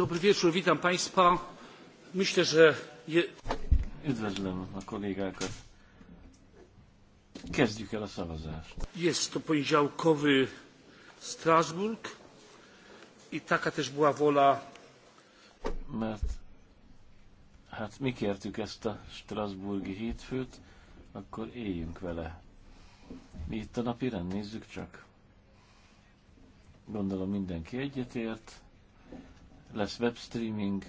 Dobry wieczór, witam Państwa. Myślę, że... Je... Üdvözlöm a kollégákat. Kezdjük el a szavazást. Jest to poniedziałkowy Strasburg i taka też była wola... Mert hát mi kértük ezt a Strasburgi hétfőt, akkor éljünk vele. Mi itt a napi nézzük csak. Gondolom mindenki egyetért lesz webstreaming,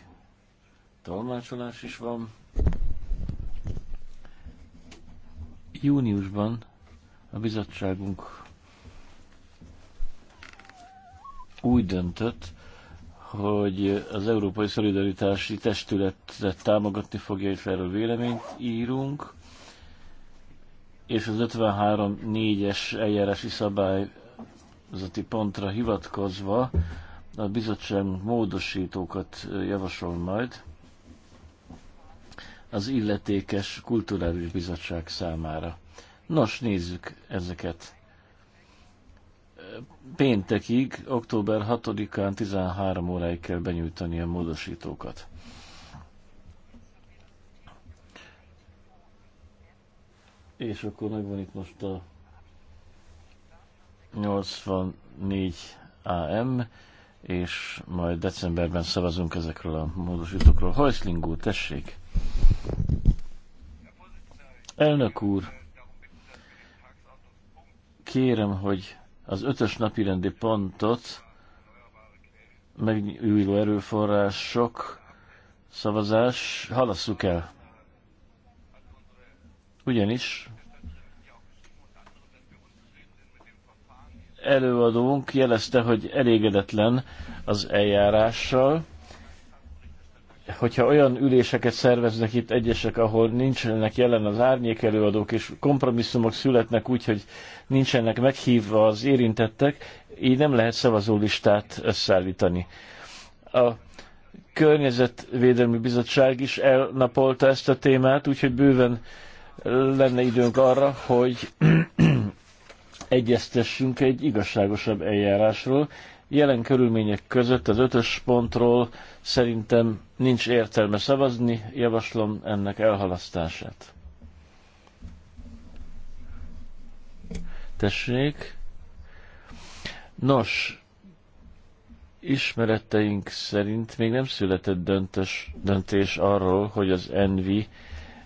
tolmácsolás is van. Júniusban a bizottságunk úgy döntött, hogy az Európai Szolidaritási Testületet támogatni fogja, és erről véleményt írunk, és az 53.4-es eljárási szabályzati pontra hivatkozva a bizottság módosítókat javasol majd az illetékes kulturális bizottság számára. Nos, nézzük ezeket. Péntekig, október 6-án 13 óráig kell benyújtani a módosítókat. És akkor megvan itt most a 84 AM és majd decemberben szavazunk ezekről a módosítókról. Hajszling úr, tessék! Elnök úr, kérem, hogy az ötös napirendi pontot megújuló erőforrások szavazás halasszuk el. Ugyanis előadónk jelezte, hogy elégedetlen az eljárással, hogyha olyan üléseket szerveznek itt egyesek, ahol nincsenek jelen az árnyék előadók, és kompromisszumok születnek úgy, hogy nincsenek meghívva az érintettek, így nem lehet szavazólistát összeállítani. A Környezetvédelmi Bizottság is elnapolta ezt a témát, úgyhogy bőven lenne időnk arra, hogy egyeztessünk egy igazságosabb eljárásról. Jelen körülmények között az ötös pontról szerintem nincs értelme szavazni, javaslom ennek elhalasztását. Tessék. Nos, ismereteink szerint még nem született döntös, döntés arról, hogy az Envi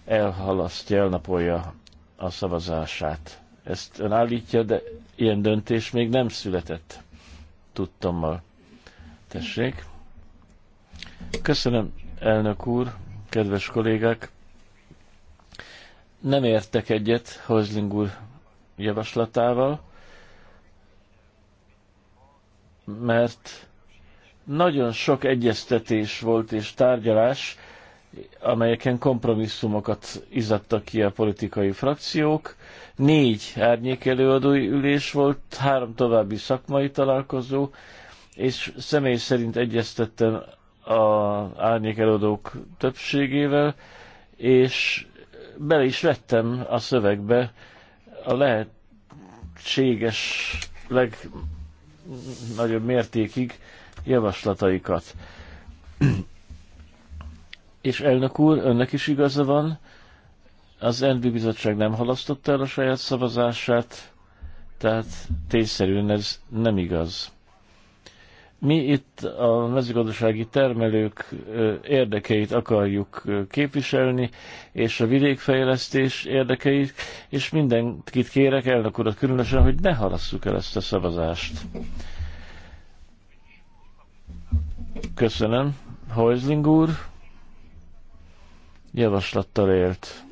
elhalasztja, elnapolja a szavazását. Ezt ön állítja, de ilyen döntés még nem született. Tudtommal. Tessék. Köszönöm, elnök úr, kedves kollégák. Nem értek egyet Hozling úr javaslatával, mert nagyon sok egyeztetés volt és tárgyalás, amelyeken kompromisszumokat izadtak ki a politikai frakciók. Négy árnyékelőadói ülés volt, három további szakmai találkozó, és személy szerint egyeztettem az árnyékelőadók többségével, és bele is vettem a szövegbe a lehetséges legnagyobb mértékig javaslataikat. És elnök úr, önnek is igaza van, az NB bizottság nem halasztotta el a saját szavazását, tehát tényszerűen ez nem igaz. Mi itt a mezőgazdasági termelők érdekeit akarjuk képviselni, és a vidékfejlesztés érdekeit, és mindenkit kérek, elnök urat különösen, hogy ne halasszuk el ezt a szavazást. Köszönöm, Heusling úr javaslattal élt.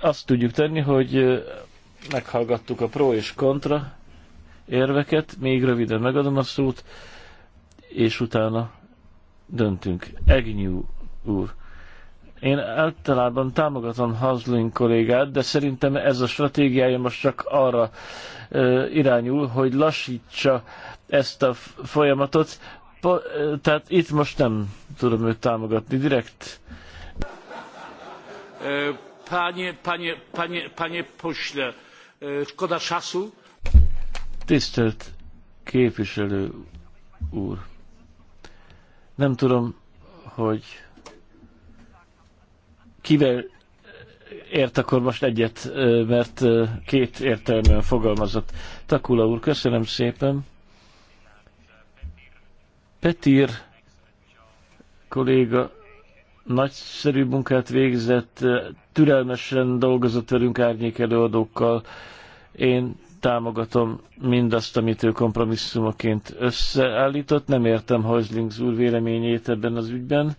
Azt tudjuk tenni, hogy meghallgattuk a pro és kontra érveket, még röviden megadom a szót, és utána döntünk. Egnyú úr. Én általában támogatom Hazlin kollégát, de szerintem ez a stratégiája most csak arra ö, irányul, hogy lassítsa ezt a folyamatot, tehát itt most nem tudom őt támogatni direkt. Panie, panie, panie, panie pośle, e, szkoda czasu. Tisztelt képviselő úr, nem tudom, hogy kivel ért akkor most egyet, mert két értelműen fogalmazott. Takula úr, köszönöm szépen. Petír kolléga nagyszerű munkát végzett, türelmesen dolgozott velünk árnyék előadókkal. Én támogatom mindazt, amit ő kompromisszumoként összeállított. Nem értem Hajzlings úr véleményét ebben az ügyben.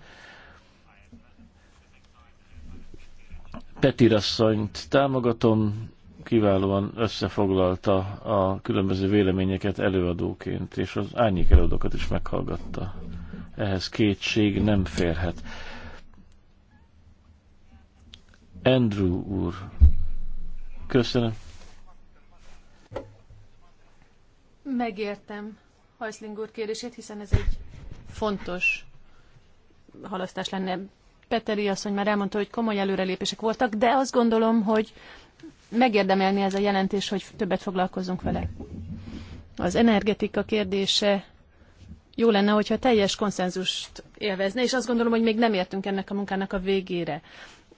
Petir asszonyt támogatom, kiválóan összefoglalta a különböző véleményeket előadóként, és az árnyék előadókat is meghallgatta. Ehhez kétség nem férhet. Andrew úr, köszönöm. Megértem Hajszling úr kérdését, hiszen ez egy fontos halasztás lenne. Peteri asszony már elmondta, hogy komoly előrelépések voltak, de azt gondolom, hogy megérdemelni ez a jelentés, hogy többet foglalkozunk vele. Az energetika kérdése jó lenne, hogyha teljes konszenzust élvezne, és azt gondolom, hogy még nem értünk ennek a munkának a végére.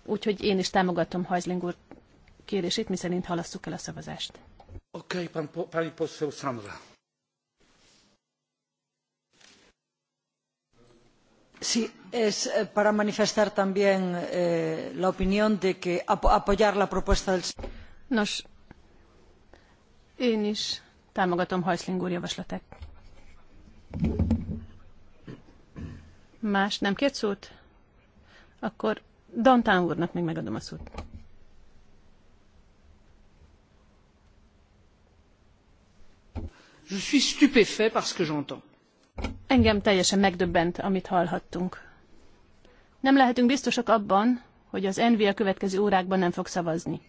Úgyhogy én is támogatom Hajzling úr kérését, miszerint halasszuk el a szavazást. Oké, okay, pan, pani poseł Sí, es eh, para manifestar también eh, la opinión de que ap apoyar la propuesta del señor Nos, én is támogatom Hajszling úr javaslatát. Más nem kért szót? Akkor Dantán úrnak még megadom a szót. Je suis stupéfait par ce que j'entends. Engem teljesen megdöbbent, amit hallhattunk. Nem lehetünk biztosak abban, hogy az NVA a következő órákban nem fog szavazni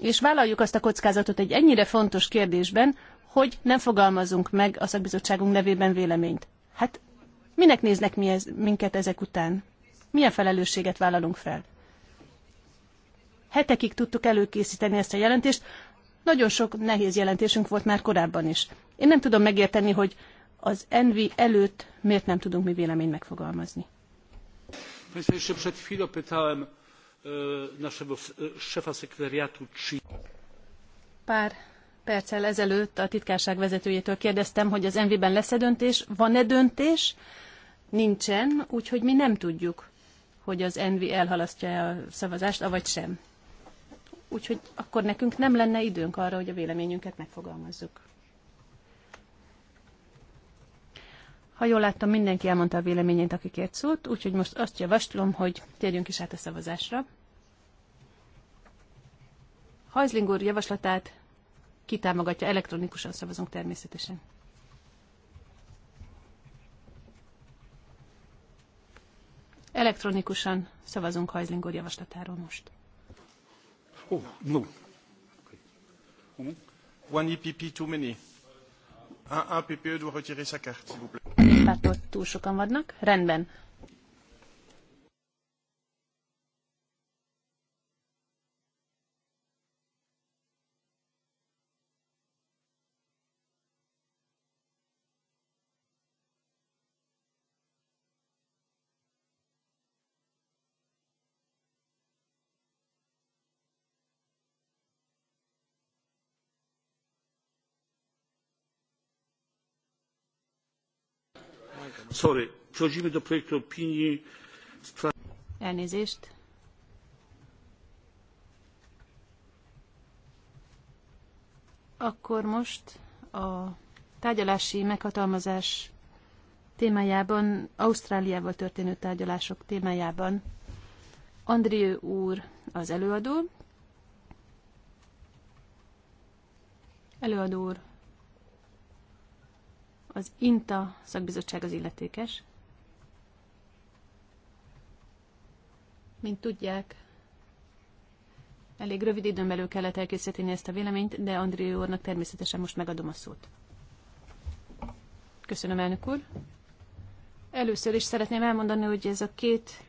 és vállaljuk azt a kockázatot egy ennyire fontos kérdésben, hogy nem fogalmazunk meg a szakbizottságunk nevében véleményt. Hát minek néznek mi ez, minket ezek után? Milyen felelősséget vállalunk fel? Hetekig tudtuk előkészíteni ezt a jelentést, nagyon sok nehéz jelentésünk volt már korábban is. Én nem tudom megérteni, hogy az envi előtt miért nem tudunk mi véleményt megfogalmazni. Państwa, E, naszego e, szefa Pár perccel ezelőtt a titkárság vezetőjétől kérdeztem, hogy az MV-ben lesz-e döntés. Van-e döntés? Nincsen, úgyhogy mi nem tudjuk, hogy az NV elhalasztja a szavazást, avagy sem. Úgyhogy akkor nekünk nem lenne időnk arra, hogy a véleményünket megfogalmazzuk. Ha jól láttam, mindenki elmondta a véleményét, aki kért szót, úgyhogy most azt javaslom, hogy térjünk is át a szavazásra. Hajzling úr javaslatát kitámogatja, elektronikusan szavazunk természetesen. Elektronikusan szavazunk Hajzling úr javaslatáról most. Oh, no. One EPP too many. Un, un PPE s'il vous plaît. Pártból túl sokan vannak. Rendben. Sorry, przechodzimy do projektu opinii Elnézést. Akkor most a tárgyalási meghatalmazás témájában, Ausztráliával történő tárgyalások témájában Andrió úr az előadó. Előadó úr, az INTA szakbizottság az illetékes. Mint tudják, elég rövid időn belül kellett elkészíteni ezt a véleményt, de André úrnak természetesen most megadom a szót. Köszönöm, elnök úr. Először is szeretném elmondani, hogy ez a két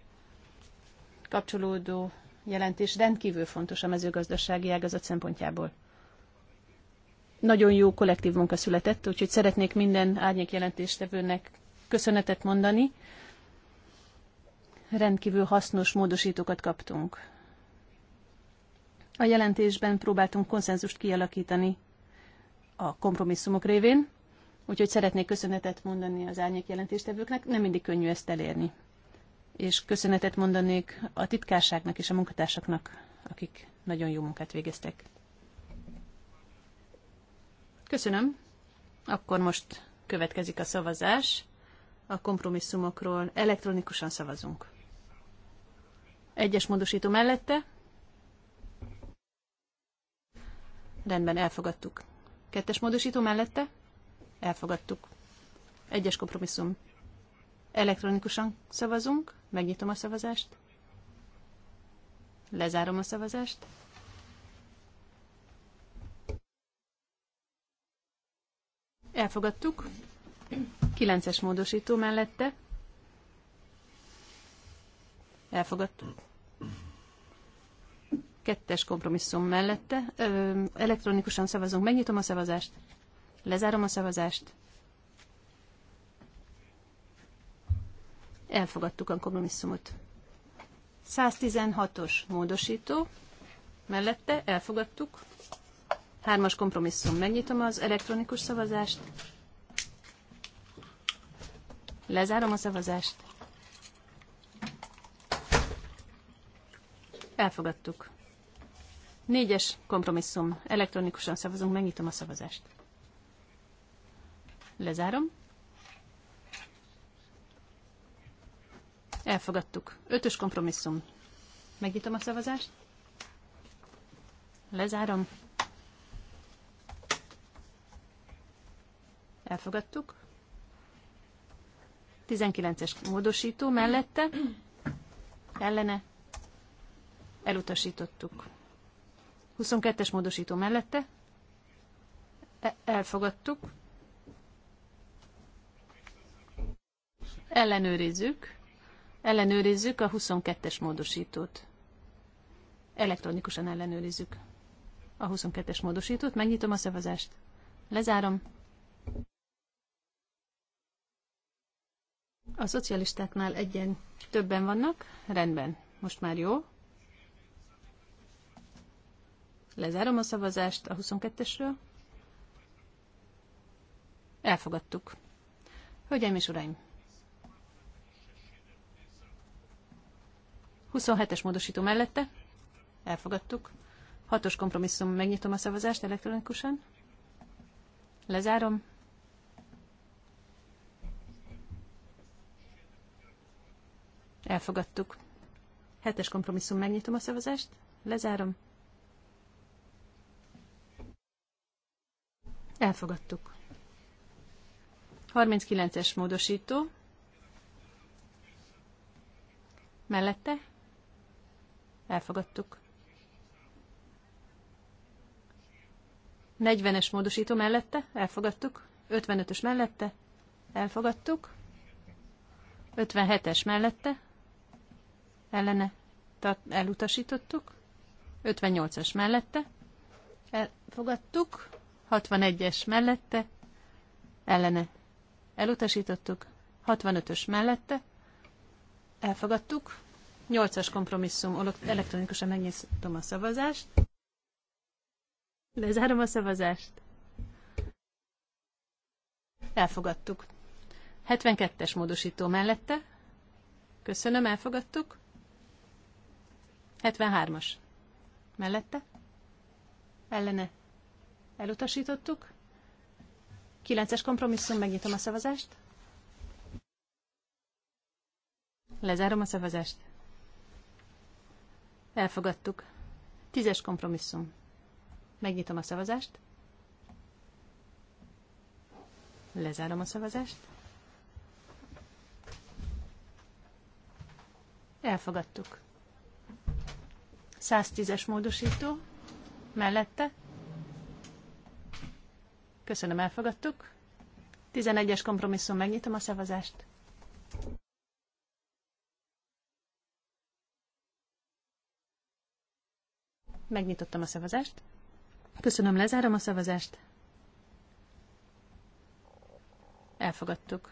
kapcsolódó jelentés rendkívül fontos a mezőgazdasági ágazat szempontjából. Nagyon jó kollektív munka született, úgyhogy szeretnék minden árnyék jelentéstevőnek köszönetet mondani. Rendkívül hasznos módosítókat kaptunk. A jelentésben próbáltunk konszenzust kialakítani a kompromisszumok révén, úgyhogy szeretnék köszönetet mondani az árnyék jelentéstevőknek, nem mindig könnyű ezt elérni. És köszönetet mondanék a titkárságnak és a munkatársaknak, akik nagyon jó munkát végeztek. Köszönöm. Akkor most következik a szavazás. A kompromisszumokról elektronikusan szavazunk. Egyes módosító mellette. Rendben, elfogadtuk. Kettes módosító mellette. Elfogadtuk. Egyes kompromisszum. Elektronikusan szavazunk. Megnyitom a szavazást. Lezárom a szavazást. Elfogadtuk. Kilences módosító mellette. Elfogadtuk. Kettes kompromisszum mellette. Ö, elektronikusan szavazunk. Megnyitom a szavazást. Lezárom a szavazást. Elfogadtuk a kompromisszumot. 116-os módosító mellette elfogadtuk. Hármas kompromisszum. Megnyitom az elektronikus szavazást. Lezárom a szavazást. Elfogadtuk. Négyes kompromisszum. Elektronikusan szavazunk, megnyitom a szavazást. Lezárom. Elfogadtuk. Ötös kompromisszum. Megnyitom a szavazást. Lezárom. Elfogadtuk. 19-es módosító mellette, ellene, elutasítottuk. 22-es módosító mellette, e, elfogadtuk. Ellenőrizzük. Ellenőrizzük a 22-es módosítót. Elektronikusan ellenőrizzük a 22-es módosítót. Megnyitom a szavazást. Lezárom. A szocialistáknál egyen többen vannak. Rendben, most már jó. Lezárom a szavazást a 22-esről. Elfogadtuk. Hölgyeim és uraim! 27-es módosító mellette. Elfogadtuk. Hatos kompromisszum, megnyitom a szavazást elektronikusan. Lezárom. Elfogadtuk. Hetes kompromisszum, megnyitom a szavazást, lezárom. Elfogadtuk. 39-es módosító. Mellette? Elfogadtuk. 40-es módosító mellette? Elfogadtuk. 55-ös mellette? Elfogadtuk. 57-es mellette? ellene elutasítottuk, 58-as mellette elfogadtuk, 61-es mellette ellene elutasítottuk, 65-ös mellette elfogadtuk, 8-as kompromisszum, elektronikusan megnyitom a szavazást, lezárom a szavazást, elfogadtuk. 72-es módosító mellette, köszönöm, elfogadtuk, 73-as. Mellette? Ellene? Elutasítottuk. 9-es kompromisszum, megnyitom a szavazást. Lezárom a szavazást. Elfogadtuk. Tízes kompromisszum. Megnyitom a szavazást. Lezárom a szavazást. Elfogadtuk. 110-es módosító. Mellette. Köszönöm, elfogadtuk. 11-es kompromisszum, megnyitom a szavazást. Megnyitottam a szavazást. Köszönöm, lezárom a szavazást. Elfogadtuk.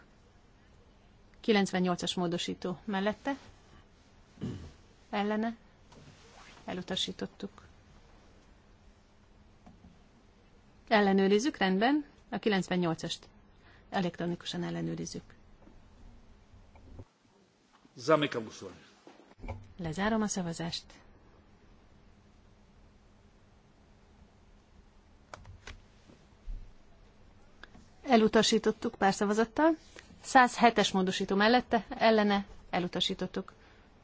98-as módosító mellette. Ellene elutasítottuk. Ellenőrizzük, rendben, a 98-est elektronikusan ellenőrizzük. Lezárom a szavazást. Elutasítottuk pár szavazattal. 107-es módosító mellette, ellene elutasítottuk.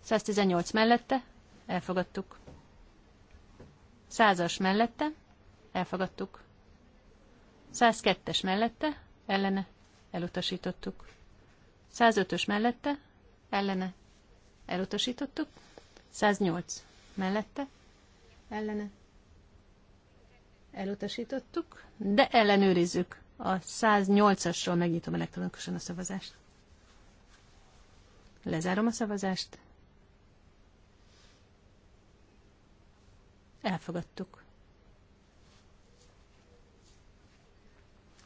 118 mellette elfogadtuk. Százas mellette, elfogadtuk. 102-es mellette, ellene, elutasítottuk. 105-ös mellette, ellene, elutasítottuk. 108 mellette, ellene, elutasítottuk, de ellenőrizzük. A 108-asról megnyitom elektronikusan a szavazást. Lezárom a szavazást. Elfogadtuk.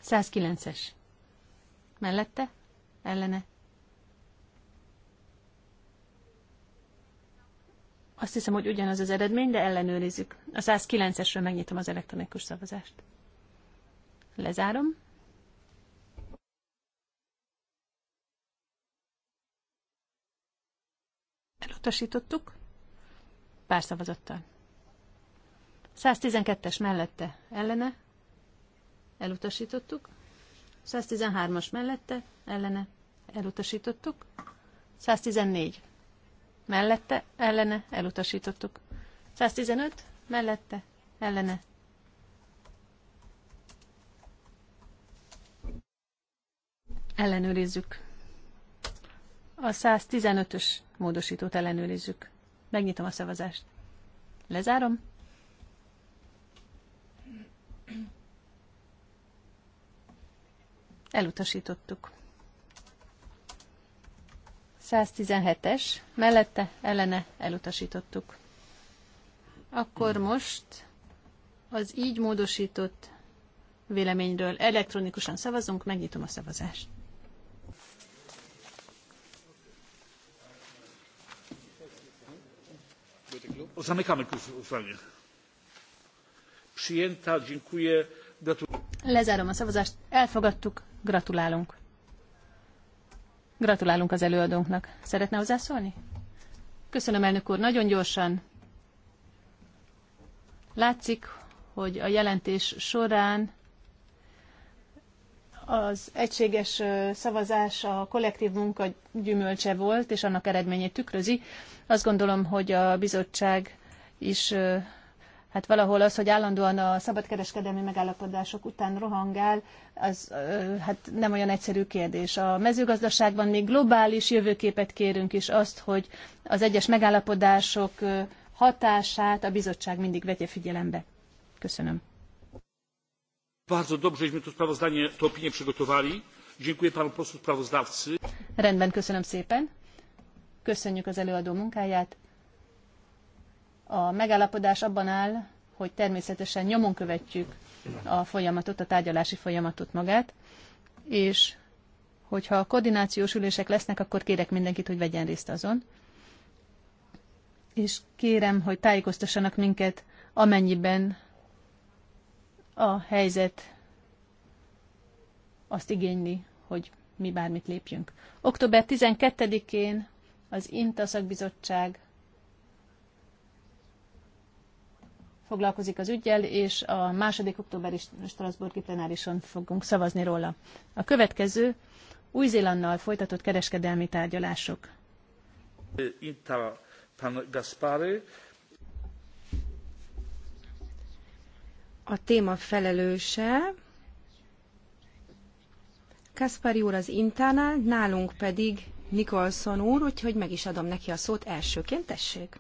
109-es. Mellette? Ellene? Azt hiszem, hogy ugyanaz az eredmény, de ellenőrizzük. A 109-esről megnyitom az elektronikus szavazást. Lezárom. Elutasítottuk. Pár szavazattal. 112-es mellette ellene, elutasítottuk. 113-as mellette ellene, elutasítottuk. 114 mellette ellene, elutasítottuk. 115 mellette ellene. Ellenőrizzük. A 115-ös módosítót ellenőrizzük. Megnyitom a szavazást. Lezárom. Elutasítottuk. 117-es, mellette, ellene, elutasítottuk. Akkor most az így módosított véleményről elektronikusan szavazunk, megnyitom a szavazást. Lezárom a szavazást, elfogadtuk, Gratulálunk. Gratulálunk az előadónknak. Szeretne hozzászólni? Köszönöm, elnök úr. Nagyon gyorsan. Látszik, hogy a jelentés során az egységes szavazás a kollektív munka gyümölcse volt, és annak eredményét tükrözi. Azt gondolom, hogy a bizottság is hát valahol az, hogy állandóan a szabadkereskedelmi megállapodások után rohangál, az hát nem olyan egyszerű kérdés. A mezőgazdaságban még globális jövőképet kérünk is azt, hogy az egyes megállapodások hatását a bizottság mindig vegye figyelembe. Köszönöm. Bardzo dobrze, żeśmy to sprawozdanie, to opinię przygotowali. Dziękuję panu posłu sprawozdawcy. Rendben, köszönöm szépen. Köszönjük az előadó munkáját. A megállapodás abban áll, hogy természetesen nyomon követjük a folyamatot, a tárgyalási folyamatot magát, és hogyha a koordinációs ülések lesznek, akkor kérek mindenkit, hogy vegyen részt azon. És kérem, hogy tájékoztassanak minket, amennyiben a helyzet azt igényli, hogy mi bármit lépjünk. Október 12-én az INTA szakbizottság foglalkozik az ügyel, és a második októberi Strasburgi plenárison fogunk szavazni róla. A következő új zélannal folytatott kereskedelmi tárgyalások. A téma felelőse Kaspari úr az Intánál, nálunk pedig Nikolson úr, úgyhogy meg is adom neki a szót elsőként, tessék.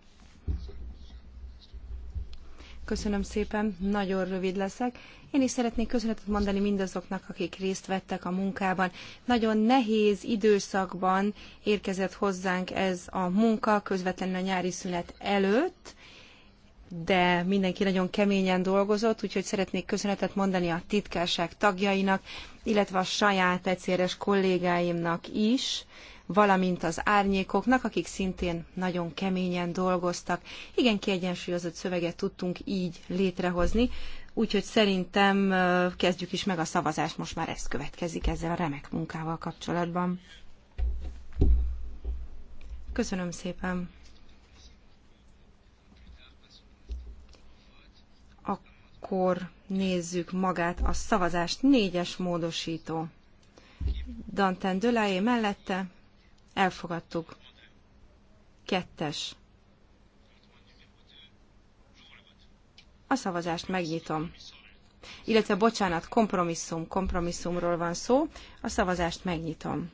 Köszönöm szépen, nagyon rövid leszek. Én is szeretnék köszönetet mondani mindazoknak, akik részt vettek a munkában. Nagyon nehéz időszakban érkezett hozzánk ez a munka, közvetlenül a nyári szünet előtt, de mindenki nagyon keményen dolgozott, úgyhogy szeretnék köszönetet mondani a titkárság tagjainak, illetve a saját egyszeres kollégáimnak is, valamint az árnyékoknak, akik szintén nagyon keményen dolgoztak. Igen kiegyensúlyozott szöveget tudtunk így létrehozni, úgyhogy szerintem kezdjük is meg a szavazást, most már ez következik ezzel a remek munkával kapcsolatban. Köszönöm szépen! akkor nézzük magát a szavazást. Négyes módosító. Danten Döláé mellette, Elfogadtuk. Kettes. A szavazást megnyitom. Illetve, bocsánat, kompromisszum, kompromisszumról van szó. A szavazást megnyitom.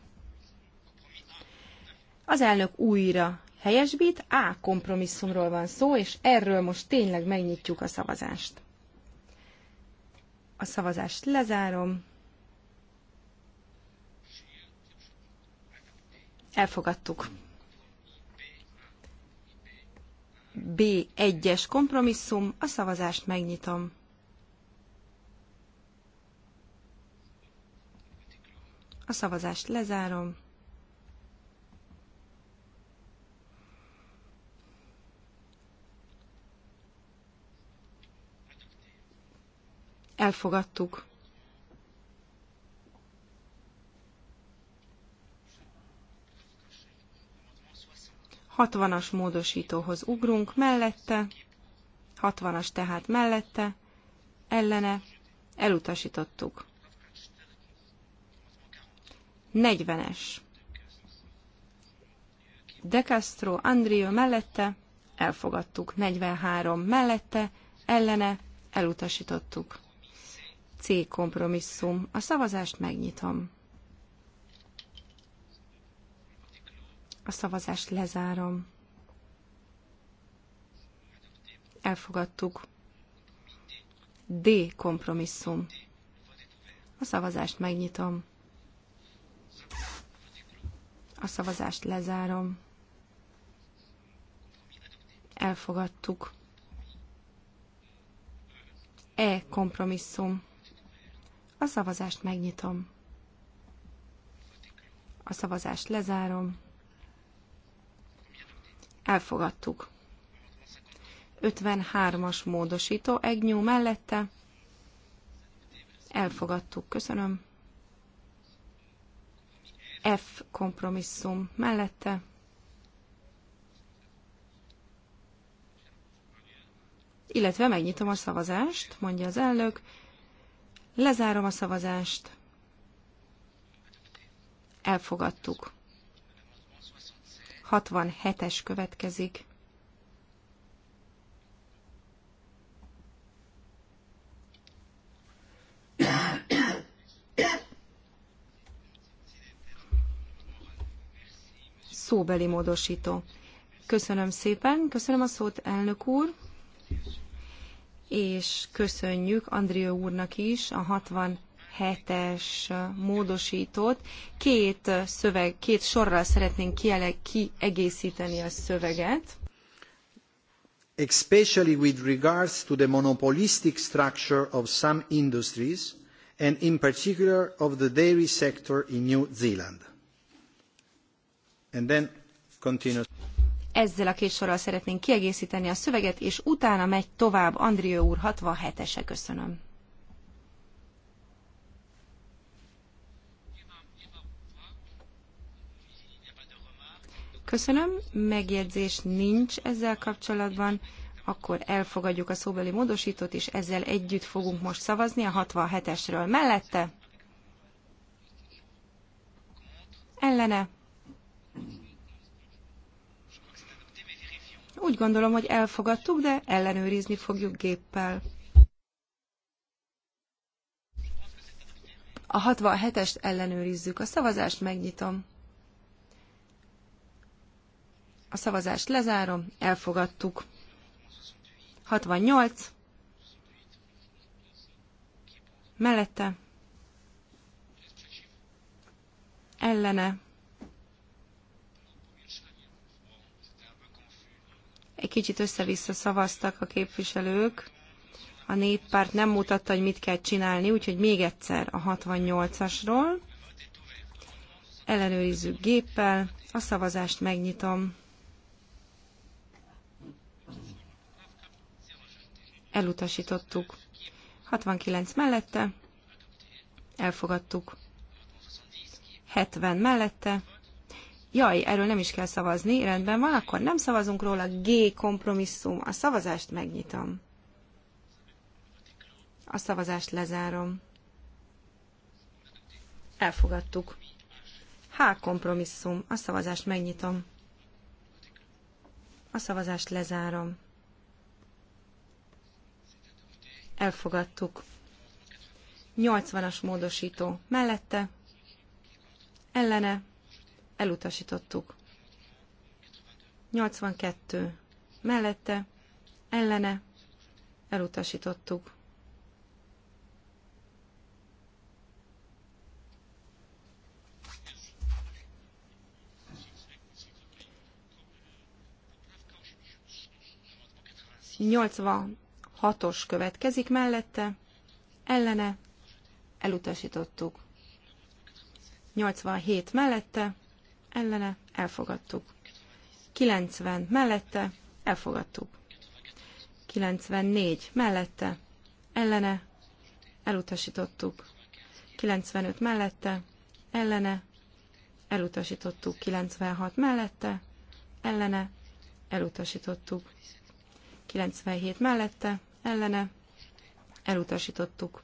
Az elnök újra helyesbít, A kompromisszumról van szó, és erről most tényleg megnyitjuk a szavazást. A szavazást lezárom. Elfogadtuk. B1-es kompromisszum, a szavazást megnyitom. A szavazást lezárom. Elfogadtuk. 60-as módosítóhoz ugrunk, mellette, 60-as tehát mellette, ellene, elutasítottuk. 40-es. De Castro, Andrio mellette, elfogadtuk. 43 mellette, ellene, elutasítottuk. C kompromisszum. A szavazást megnyitom. A szavazást lezárom. Elfogadtuk. D. Kompromisszum. A szavazást megnyitom. A szavazást lezárom. Elfogadtuk. E. Kompromisszum. A szavazást megnyitom. A szavazást lezárom. Elfogadtuk. 53-as módosító, Egnyú mellette. Elfogadtuk, köszönöm. F kompromisszum mellette. Illetve megnyitom a szavazást, mondja az elnök. Lezárom a szavazást. Elfogadtuk. 67-es következik. Szóbeli módosító. Köszönöm szépen, köszönöm a szót, elnök úr, és köszönjük Andrió úrnak is a hetes módosított Két, szöveg, két sorral szeretnénk kiegészíteni a szöveget. Especially with regards to the monopolistic structure of some industries, and in particular of the dairy sector in New Zealand. And then continues ezzel a két sorral szeretnénk kiegészíteni a szöveget, és utána megy tovább Andrió úr 67-ese. Köszönöm. Köszönöm, megjegyzés nincs ezzel kapcsolatban, akkor elfogadjuk a szóbeli módosítót, és ezzel együtt fogunk most szavazni a 67-esről. Mellette? Ellene? Úgy gondolom, hogy elfogadtuk, de ellenőrizni fogjuk géppel. A 67-est ellenőrizzük. A szavazást megnyitom. A szavazást lezárom, elfogadtuk. 68. Mellette. Ellene. Egy kicsit össze-vissza szavaztak a képviselők. A néppárt nem mutatta, hogy mit kell csinálni, úgyhogy még egyszer a 68-asról. Ellenőrizzük géppel, a szavazást megnyitom. elutasítottuk. 69 mellette, elfogadtuk. 70 mellette, jaj, erről nem is kell szavazni, rendben van, akkor nem szavazunk róla, G kompromisszum, a szavazást megnyitom. A szavazást lezárom. Elfogadtuk. H kompromisszum, a szavazást megnyitom. A szavazást lezárom. Elfogadtuk. 80-as módosító mellette, ellene, elutasítottuk. 82 mellette, ellene, elutasítottuk. Nyolcvan hatos következik mellette, ellene, elutasítottuk. 87 mellette, ellene, elfogadtuk. 90 mellette, elfogadtuk. 94 mellette, ellene, elutasítottuk. 95 mellette, ellene, elutasítottuk. 96 mellette, ellene, elutasítottuk. 97 mellette, ellene elutasítottuk.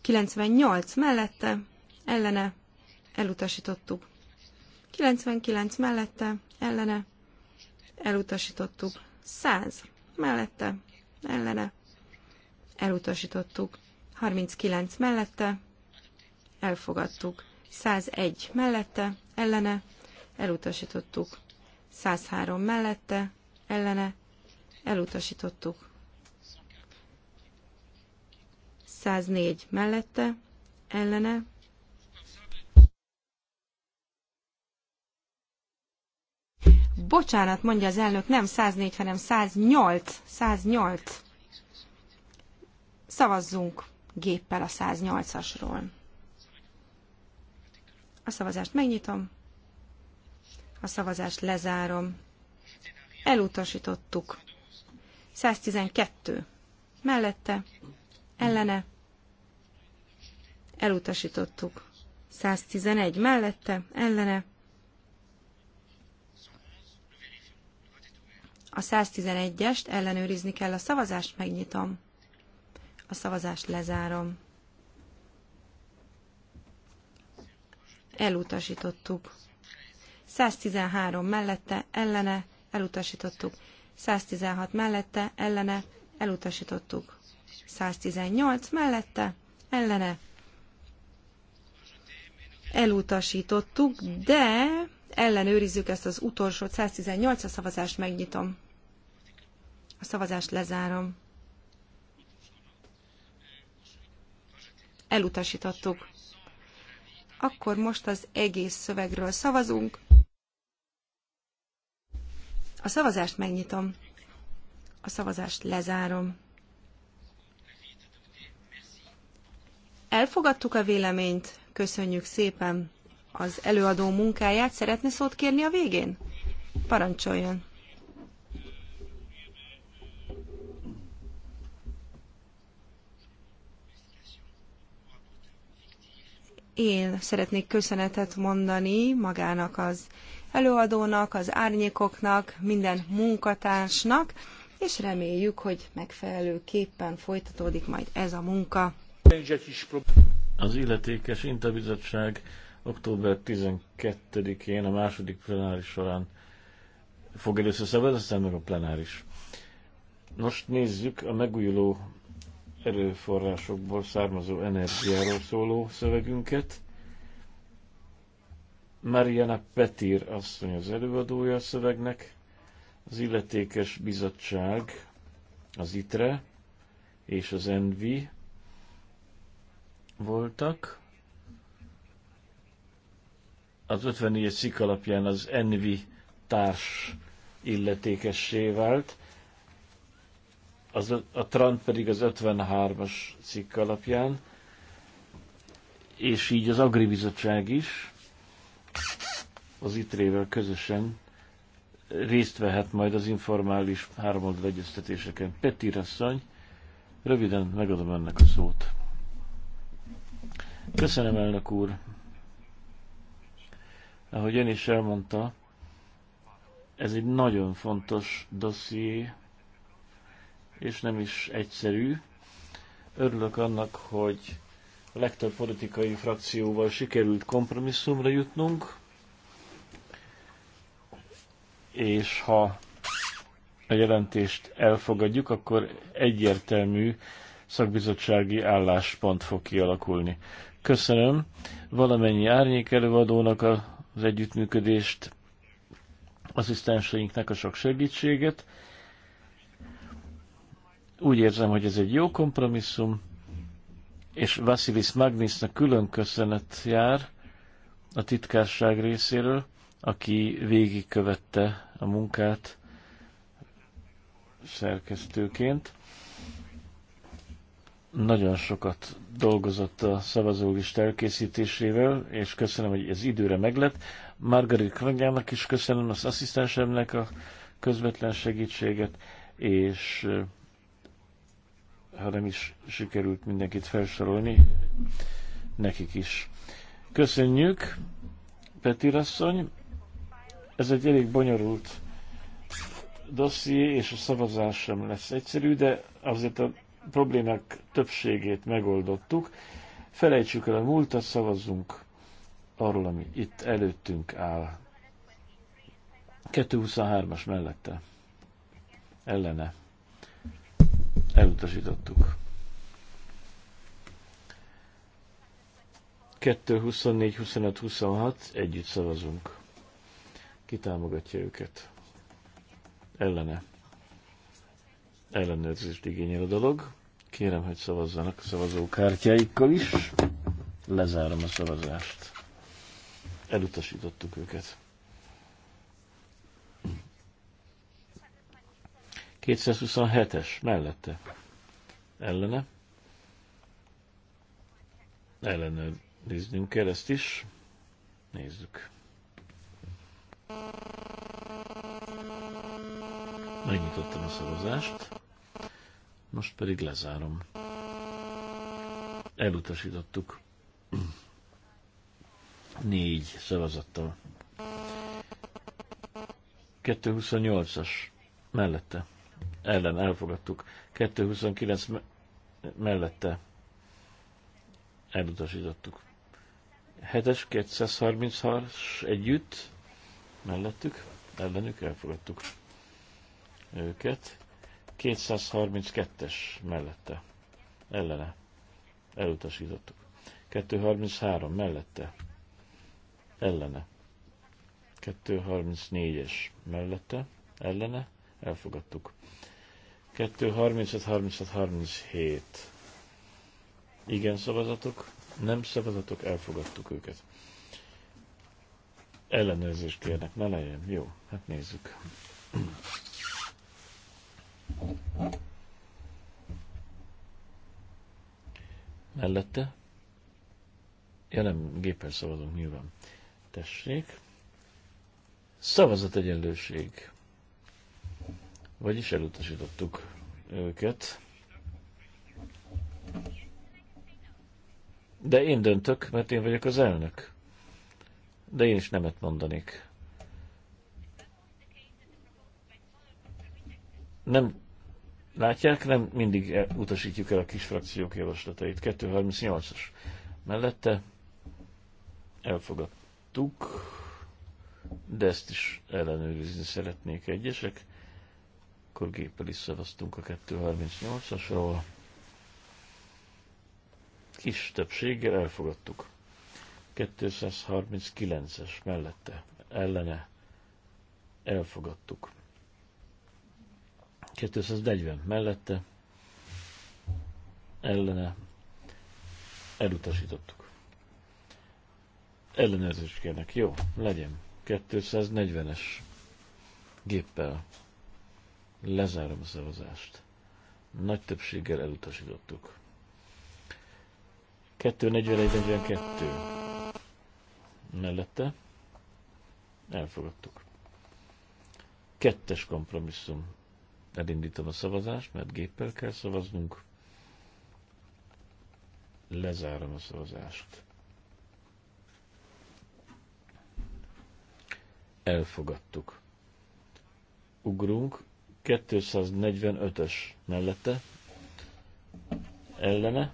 98 mellette ellene elutasítottuk. 99 mellette ellene elutasítottuk. 100 mellette ellene elutasítottuk. 39 mellette elfogadtuk. 101 mellette ellene elutasítottuk. 103 mellette ellene elutasítottuk. 104 mellette, ellene. Bocsánat, mondja az elnök, nem 104, hanem 108. 108. Szavazzunk géppel a 108-asról. A szavazást megnyitom. A szavazást lezárom. Elutasítottuk. 112. Mellette. Ellene. Elutasítottuk. 111. Mellette. Ellene. A 111-est ellenőrizni kell a szavazást, megnyitom. A szavazást lezárom. Elutasítottuk. 113 mellette, ellene, elutasítottuk. 116 mellette, ellene, elutasítottuk. 118 mellette, ellene, elutasítottuk, de ellenőrizzük ezt az utolsó 118 a szavazást megnyitom. A szavazást lezárom. Elutasítottuk. Akkor most az egész szövegről szavazunk. A szavazást megnyitom. A szavazást lezárom. Elfogadtuk a véleményt, köszönjük szépen az előadó munkáját. Szeretne szót kérni a végén? Parancsoljon! Én szeretnék köszönetet mondani magának az előadónak, az árnyékoknak, minden munkatársnak, és reméljük, hogy megfelelőképpen folytatódik majd ez a munka. Az illetékes interbizottság október 12-én a második plenáris során fog először szavazni, aztán meg a plenáris. Most nézzük a megújuló erőforrásokból származó energiáról szóló szövegünket. Mariana Petir asszony az előadója a szövegnek, az illetékes bizottság, az ITRE és az ENVI voltak. Az 54 cikk alapján az ENVI társ illetékessé vált, az, a Trant pedig az 53-as cikk alapján, és így az Agribizottság is az itre vel közösen részt vehet majd az informális háromoldal egyeztetéseken. Peti Rasszony, röviden megadom ennek a szót. Köszönöm, elnök úr! Ahogy ön is elmondta, ez egy nagyon fontos dosszié, és nem is egyszerű. Örülök annak, hogy a legtöbb politikai frakcióval sikerült kompromisszumra jutnunk, és ha a jelentést elfogadjuk, akkor egyértelmű szakbizottsági álláspont fog kialakulni. Köszönöm valamennyi árnyék előadónak az együttműködést, asszisztenseinknek a sok segítséget. Úgy érzem, hogy ez egy jó kompromisszum és Vasilis Magnisnak külön köszönet jár a titkárság részéről, aki végigkövette a munkát szerkesztőként. Nagyon sokat dolgozott a szavazólista elkészítésével, és köszönöm, hogy ez időre meglett. Margarit Krangjának is köszönöm, az asszisztensemnek a közvetlen segítséget, és ha hát nem is sikerült mindenkit felsorolni, nekik is. Köszönjük, Peti asszony. Ez egy elég bonyolult dosszié, és a szavazás sem lesz egyszerű, de azért a problémák többségét megoldottuk. Felejtsük el a múltat, szavazzunk arról, ami itt előttünk áll. 223-as mellette. Ellene elutasítottuk. 2, 24, 25, 26 együtt szavazunk. Ki támogatja őket? Ellene. Ellenőrzést igényel a dolog. Kérem, hogy szavazzanak a szavazókártyáikkal is. Lezárom a szavazást. Elutasítottuk őket. 227-es mellette. Ellene. néznünk kell ezt is. Nézzük. Megnyitottam a szavazást. Most pedig lezárom. Elutasítottuk. Négy szavazattal. 228-as mellette ellen elfogadtuk. 229 me mellette elutasítottuk. 7-es, 230 együtt mellettük, ellenük elfogadtuk őket. 232-es mellette, ellene, elutasítottuk. 233 mellette, ellene. 234-es mellette, ellene, Elfogadtuk. 2, 35, 36, 37. Igen szavazatok, nem szavazatok, elfogadtuk őket. Ellenőrzést kérnek, ne legyen. Jó, hát nézzük. Mellette? Ja nem, géppel szavazunk nyilván. Tessék. Szavazat egyenlőség. Vagyis elutasítottuk őket. De én döntök, mert én vagyok az elnök. De én is nemet mondanék. Nem látják, nem mindig e- utasítjuk el a kis frakciók javaslatait. 238-as mellette elfogadtuk, de ezt is ellenőrizni szeretnék egyesek. Akkor géppel is szavaztunk a 238-asról. Kis többséggel elfogadtuk. 239-es mellette ellene elfogadtuk. 240 mellette ellene elutasítottuk. Ellenőrzést kérnek. Jó, legyen. 240-es géppel Lezárom a szavazást. Nagy többséggel elutasítottuk. 241-42 mellette elfogadtuk. Kettes kompromisszum. Elindítom a szavazást, mert géppel kell szavaznunk. Lezárom a szavazást. Elfogadtuk. Ugrunk 245-ös mellette ellene.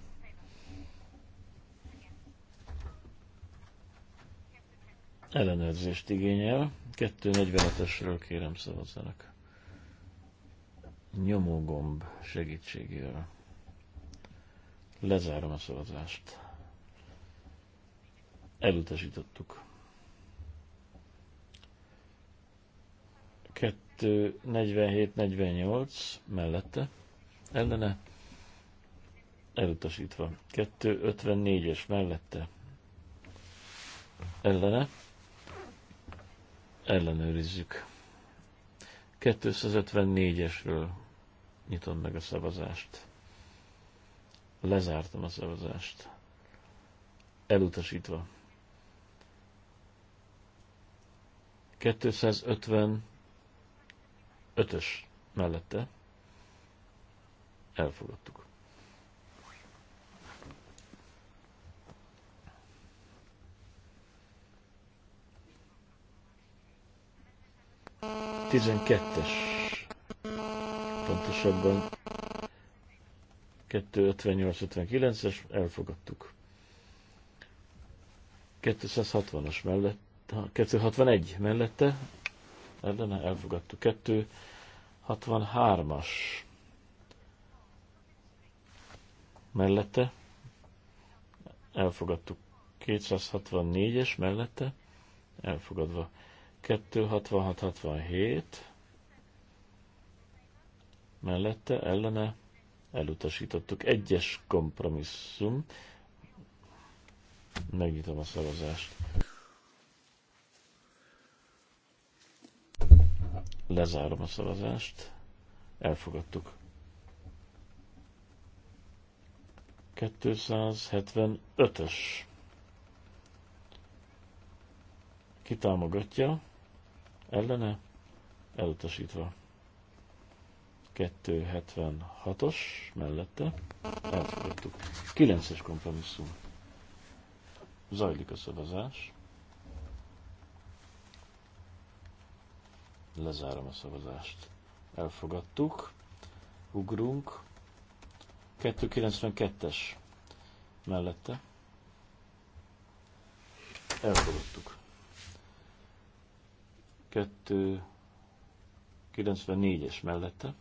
Ellenőrzést igényel. 245-ösről kérem szavazzanak. Nyomógomb segítségével. Lezárom a szavazást. Elutasítottuk. 2, 47, 48 mellette, ellene, elutasítva. 2, 54-es mellette, ellene, ellenőrizzük. 254-esről nyitom meg a szavazást. Lezártam a szavazást. Elutasítva. 250 Ötös mellette elfogadtuk. Tizenkettes pontosabban 258-59-es elfogadtuk. 260-as mellett, 261 mellette ellene elfogadtuk. 263-as mellette elfogadtuk. 264-es mellette elfogadva. 266-67 mellette ellene elutasítottuk. Egyes kompromisszum. Megnyitom a szavazást. Lezárom a szavazást. Elfogadtuk. 275-ös. Kitámogatja. Ellene. Elutasítva. 276-os mellette. Elfogadtuk. 9-es kompromisszum. Zajlik a szavazás. Lezárom a szavazást. Elfogadtuk. Ugrunk. 292-es mellette. Elfogadtuk. 294-es mellette.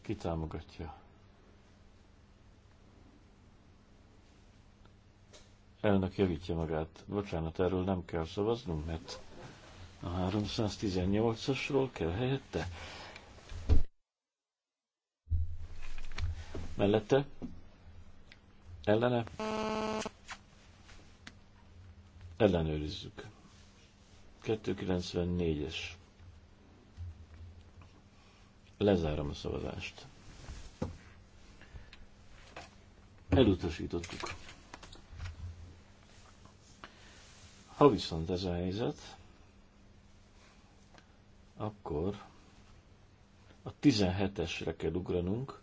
Kitámogatja Elnök javítja magát. Bocsánat, erről nem kell szavaznunk, mert a 318-asról kell helyette. Mellette? Ellene? Ellenőrizzük. 294-es. Lezárom a szavazást. Elutasítottuk. Ha viszont ez a helyzet, akkor a 17-esre kell ugranunk.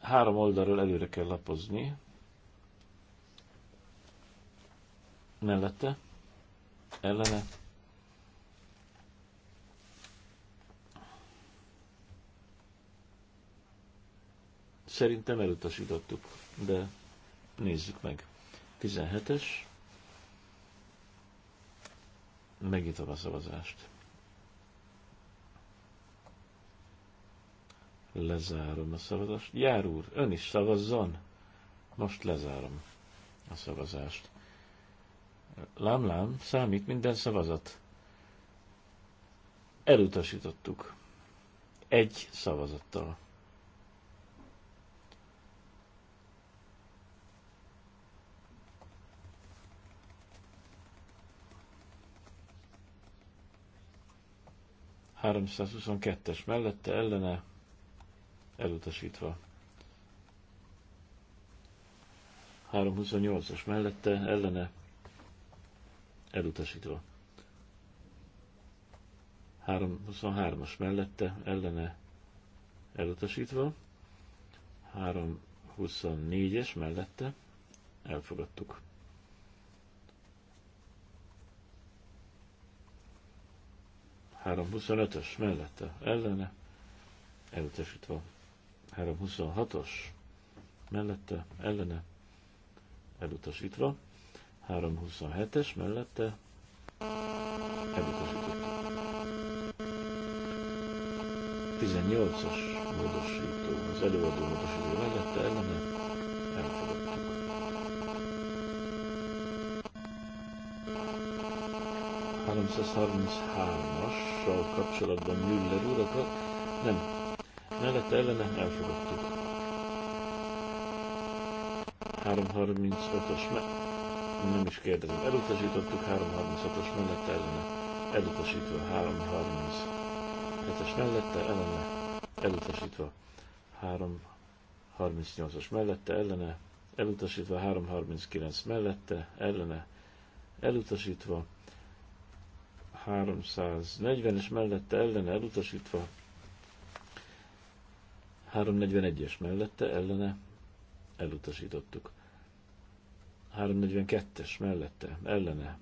Három oldalról előre kell lapozni. Mellette, ellene. Szerintem elutasítottuk, de Nézzük meg. 17-es. Megnyitom a szavazást. Lezárom a szavazást. Jár úr, ön is szavazzon. Most lezárom a szavazást. Lám, lám, számít minden szavazat. Elutasítottuk. Egy szavazattal. 322-es mellette ellene elutasítva. 328-as mellette ellene elutasítva. 323-as mellette ellene elutasítva. 324-es mellette elfogadtuk. 325-ös mellette ellene, elutasítva. 326-os mellette ellene, elutasítva. 327-es mellette elutasítva. 18-as módosító, az előadó módosító mellette ellene, elfogadott. 333 assal kapcsolatban Müller urakat, nem, mellette ellene elfogadtuk. 335-ös me nem is kérdezem, elutasítottuk 336-os mellette ellene, elutasítva 337-es mellette ellene, elutasítva 338-as mellette ellene, elutasítva 339 mellette ellene, elutasítva 340-es mellette ellene elutasítva, 341-es mellette ellene elutasítottuk. 342-es mellette ellene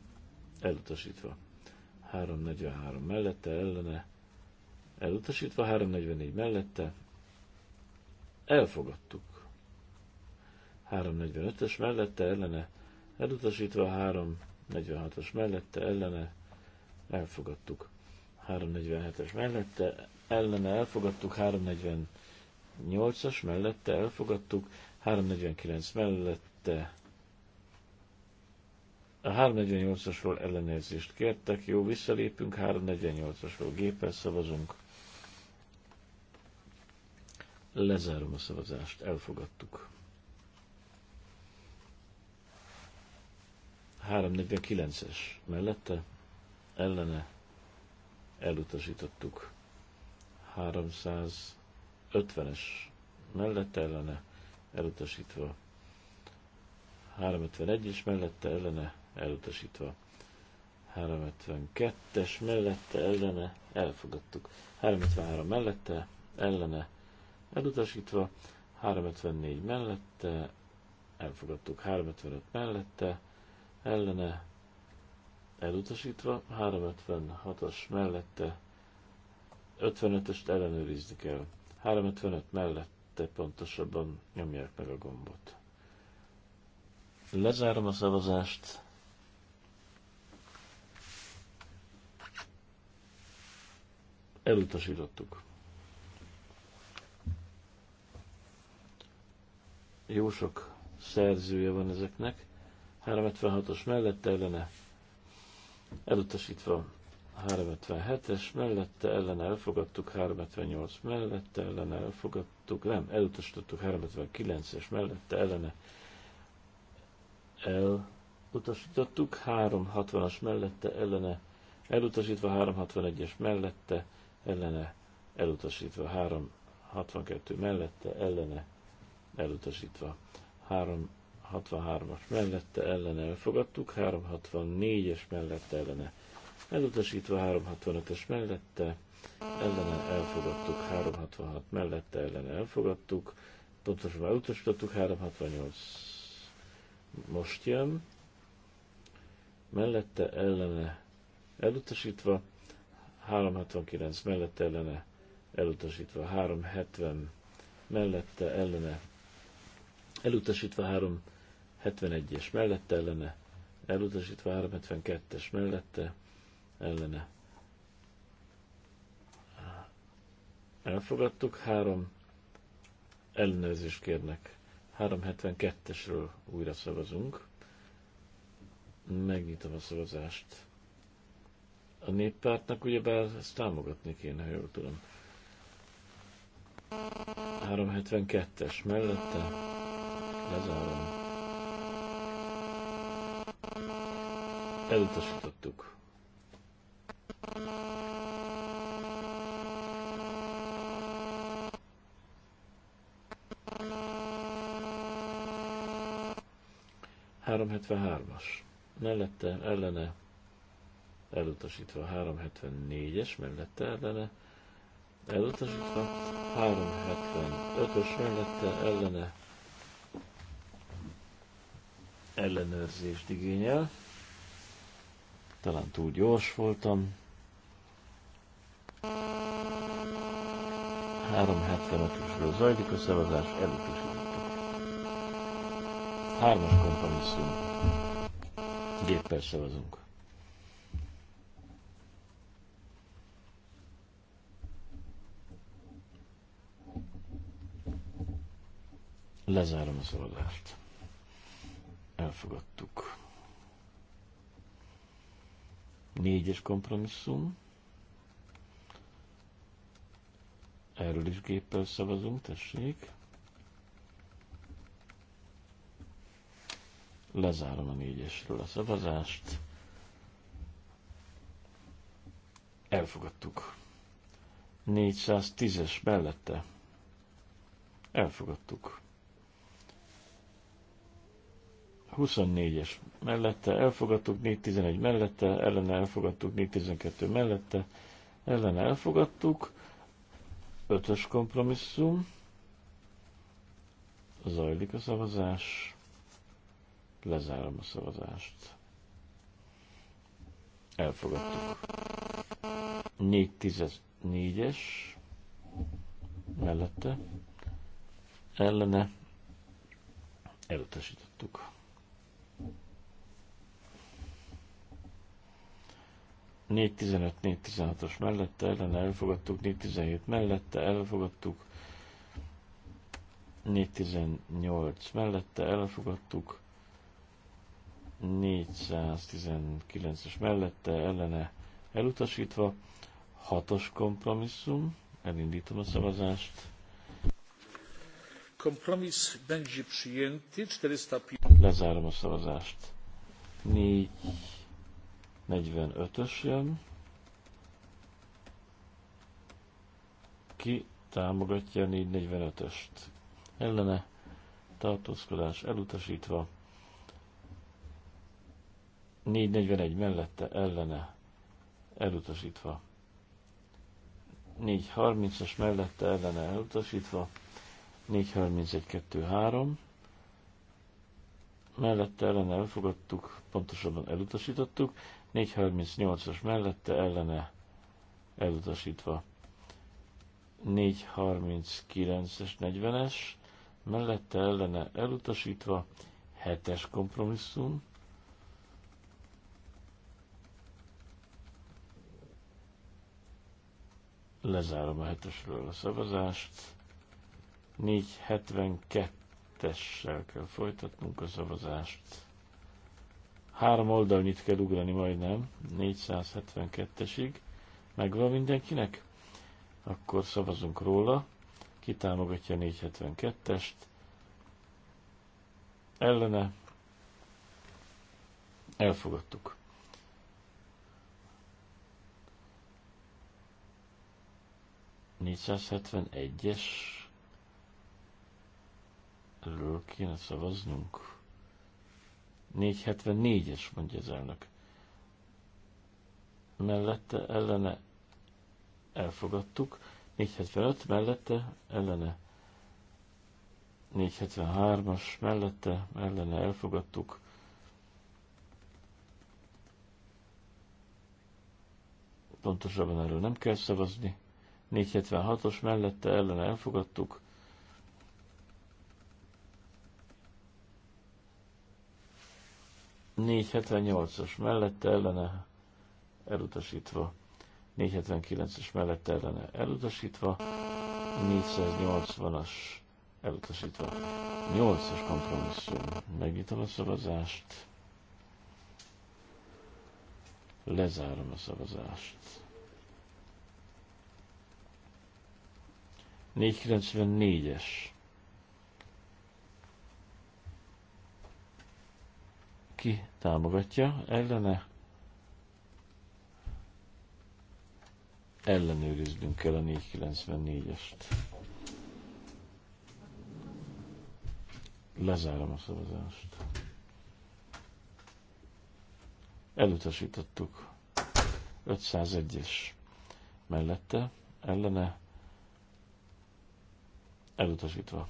elutasítva. 343 mellette ellene elutasítva, 344 mellette elfogadtuk. 345-ös mellette ellene elutasítva, 346-os mellette ellene elfogadtuk. 347-es mellette, ellene elfogadtuk, 348-as mellette elfogadtuk, 349 mellette a 348-asról ellenőrzést kértek, jó, visszalépünk, 348-asról géppel szavazunk. Lezárom a szavazást, elfogadtuk. 349-es mellette ellene elutasítottuk. 350-es mellette ellene elutasítva. 351-es mellette ellene elutasítva. 352-es mellette ellene elfogadtuk. 353 mellette ellene elutasítva. 354 mellette elfogadtuk. 355 mellette ellene elutasítva, 356-as mellette 55-est ellenőrizni kell. 355 mellette pontosabban nyomják meg a gombot. Lezárom a szavazást. Elutasítottuk. Jó sok szerzője van ezeknek. 356-os mellette ellene elutasítva 357-es, mellette ellen elfogadtuk 358, mellette ellen elfogadtuk, nem, elutasítottuk 359-es, mellette ellene elutasítottuk, 360-as mellette ellene elutasítva, 361-es mellette ellene elutasítva, 362 mellette ellene elutasítva, 3 363-as mellette ellene elfogadtuk, 364-es mellette ellene elutasítva, 365-es mellette ellene elfogadtuk, 366 mellette ellene elfogadtuk, pontosan elutasítottuk, 368 most jön, mellette ellene elutasítva, 369 mellette ellene elutasítva, 370 mellette ellene elutasítva, 3 71-es mellette ellene, elutasítva 372-es mellette ellene. Elfogadtuk, három ellenőrzést kérnek. 372-esről újra szavazunk. Megnyitom a szavazást. A néppártnak ugyebár ezt támogatni kéne, ha jól tudom. 372-es mellette lezárom. Elutasítottuk. Három as Mellette, ellene, elutasítva. 374-es, mellette, ellene, elutasítva. 375-ös, mellette, ellene, ellenőrzést igényel. Talán túl gyors voltam. 375-ösről zajlik a szavazás, elutasítottuk. Hármas kompromisszum. Géppel szavazunk. Lezárom a szavazást. Elfogadtuk. Négyes kompromisszum. Erről is géppel szavazunk, tessék. Lezárom a négyesről a szavazást. Elfogadtuk. 410-es mellette. Elfogadtuk. 24-es mellette elfogadtuk, 411 mellette, ellene elfogadtuk, 412 mellette, ellene elfogadtuk, 5-ös kompromisszum, zajlik a szavazás, lezárom a szavazást. Elfogadtuk. 414-es mellette, ellene elutasítottuk. 4.15, 4.16-os mellette, ellen elfogadtuk, 4.17 mellette, elfogadtuk, 4.18 mellette, elfogadtuk, 419-es mellette, ellene elutasítva, 6-os kompromisszum, elindítom a szavazást. Kompromiss będzie przyjęty, 405. Lezárom a szavazást. 4 45-ös jön. Ki támogatja a 445-öst? Ellene tartózkodás elutasítva. 441 mellette ellene elutasítva. 430-as mellette ellene elutasítva. 431-2-3 mellette ellene elfogadtuk, pontosabban elutasítottuk, 438-as mellette ellene elutasítva. 439-es, 40-es mellette ellene elutasítva. 7-es kompromisszum. Lezárom a 7-esről a szavazást. 472-essel kell folytatnunk a szavazást. Három oldalnyit kell ugrani majdnem, 472-esig. Megvan mindenkinek? Akkor szavazunk róla. Ki támogatja 472-est? Ellene? Elfogadtuk. Négyszázhetvenegyes ről kéne szavaznunk. 474-es, mondja az elnök. Mellette ellene elfogadtuk. 475 mellette ellene 473-as mellette ellene elfogadtuk. Pontosabban erről nem kell szavazni. 476-os mellette ellene elfogadtuk. 478-as mellette ellene elutasítva, 479-es mellette ellene elutasítva, 480-as elutasítva. 8-as kompromisszum. Megnyitom a szavazást. Lezárom a szavazást. 494-es ki támogatja, ellene ellenőriznünk kell a 494-est. Lezárom a szavazást. Elutasítottuk. 501-es mellette, ellene elutasítva.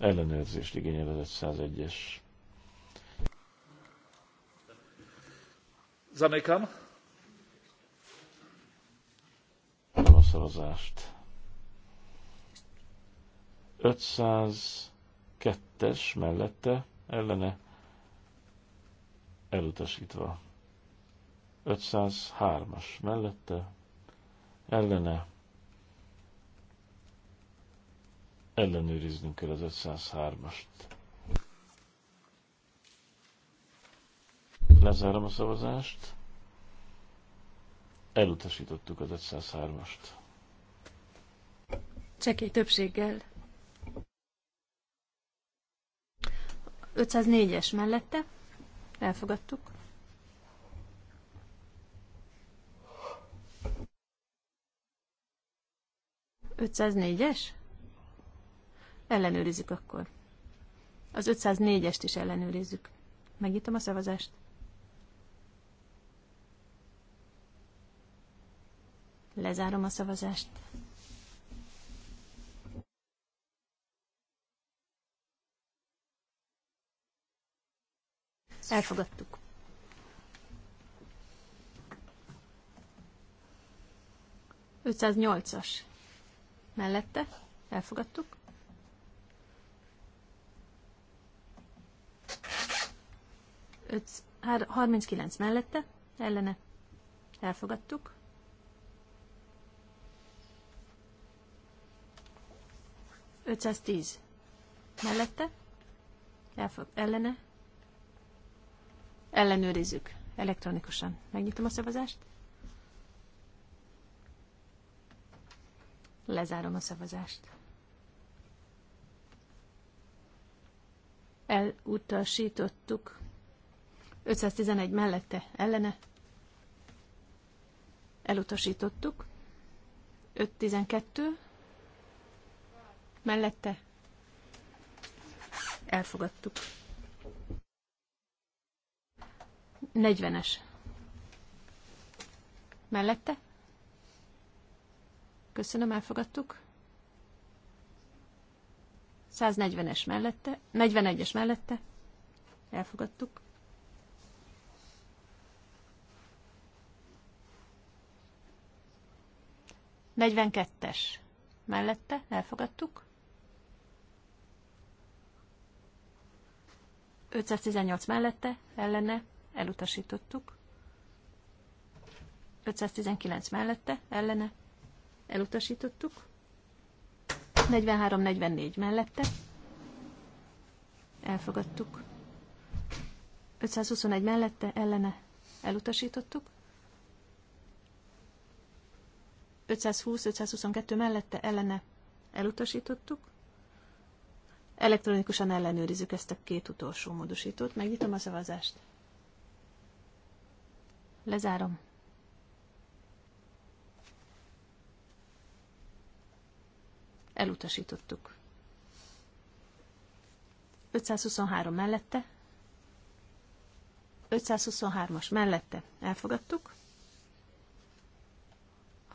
ellenőrzést igényel az 101 es Zamykam. A szavazást. 502-es mellette ellene elutasítva. 503-as mellette ellene ellenőriznünk kell az 503-ast. Lezárom a szavazást. Elutasítottuk az 503-ast. Csekély többséggel. 504-es mellette. Elfogadtuk. Ötszáznégyes? Ellenőrizzük akkor. Az 504-est is ellenőrizzük. Megnyitom a szavazást. Lezárom a szavazást. Elfogadtuk. Ötszáznyolcas. Mellette elfogadtuk. 5, 39 mellette, ellene elfogadtuk. Ötszáztíz mellette, ellene, ellenőrizzük elektronikusan. Megnyitom a szavazást. Lezárom a szavazást. Elutasítottuk 511 mellette ellene elutasítottuk. 512 mellette elfogadtuk. 40-es mellette köszönöm, elfogadtuk. 140-es mellette, 41-es mellette elfogadtuk. 42-es. Mellette elfogadtuk. 518 mellette, ellene, elutasítottuk. 519 mellette, ellene, elutasítottuk. 43-44 mellette, elfogadtuk. 521 mellette, ellene, elutasítottuk. 520-522 mellette ellene elutasítottuk. Elektronikusan ellenőrizzük ezt a két utolsó módosítót. Megnyitom a szavazást. Lezárom. Elutasítottuk. 523 mellette. 523-as mellette elfogadtuk.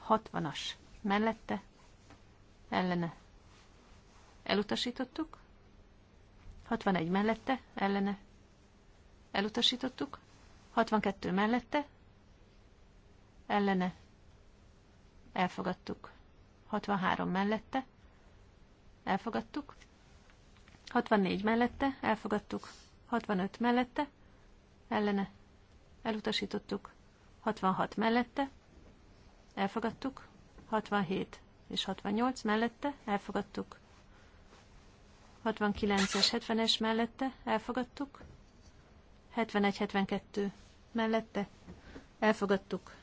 60-as mellette ellene elutasítottuk, 61 mellette ellene elutasítottuk, 62 mellette ellene elfogadtuk, 63 mellette elfogadtuk, 64 mellette elfogadtuk, 65 mellette ellene elutasítottuk, 66 mellette elfogadtuk, 67 és 68 mellette, elfogadtuk, 69-es, 70-es mellette, elfogadtuk, 71-72 mellette, elfogadtuk.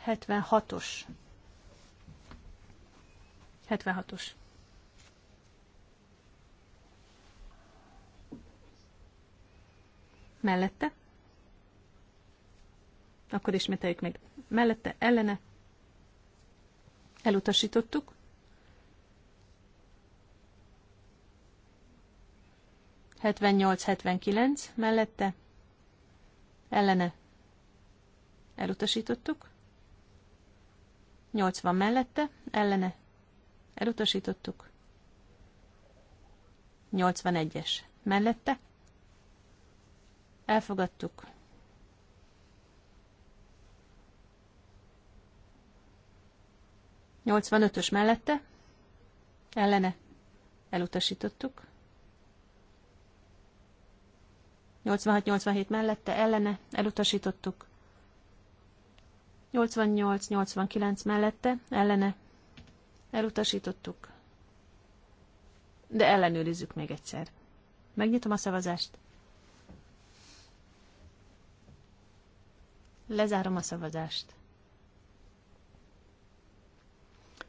Hetvenhatos. Hetvenhatos. mellette, akkor ismételjük meg, mellette, ellene, elutasítottuk, hetvennyolc, hetvenkilenc, mellette, ellene, elutasítottuk, Nyolcvan mellette, ellene, elutasítottuk, 81-es mellette, Elfogadtuk. Nyolcvanötös mellette? Ellene. Elutasítottuk. 86-87 mellette, ellene, elutasítottuk. 88-89 mellette, ellene, elutasítottuk. De ellenőrizzük még egyszer. Megnyitom a szavazást. Lezárom a szavazást.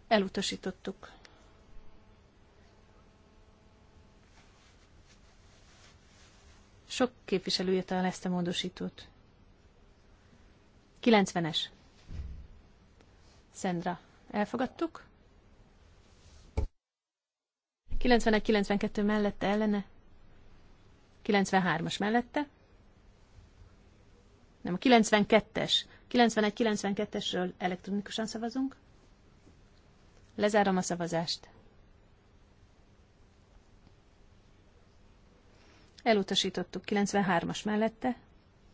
Elutasítottuk. Sok képviselő írta el ezt a módosítót. 90-es. Szendra. Elfogadtuk? 91-92 mellette ellene? 93-as mellette? nem a 92-es, 91-92-esről elektronikusan szavazunk. Lezárom a szavazást. Elutasítottuk 93-as mellette,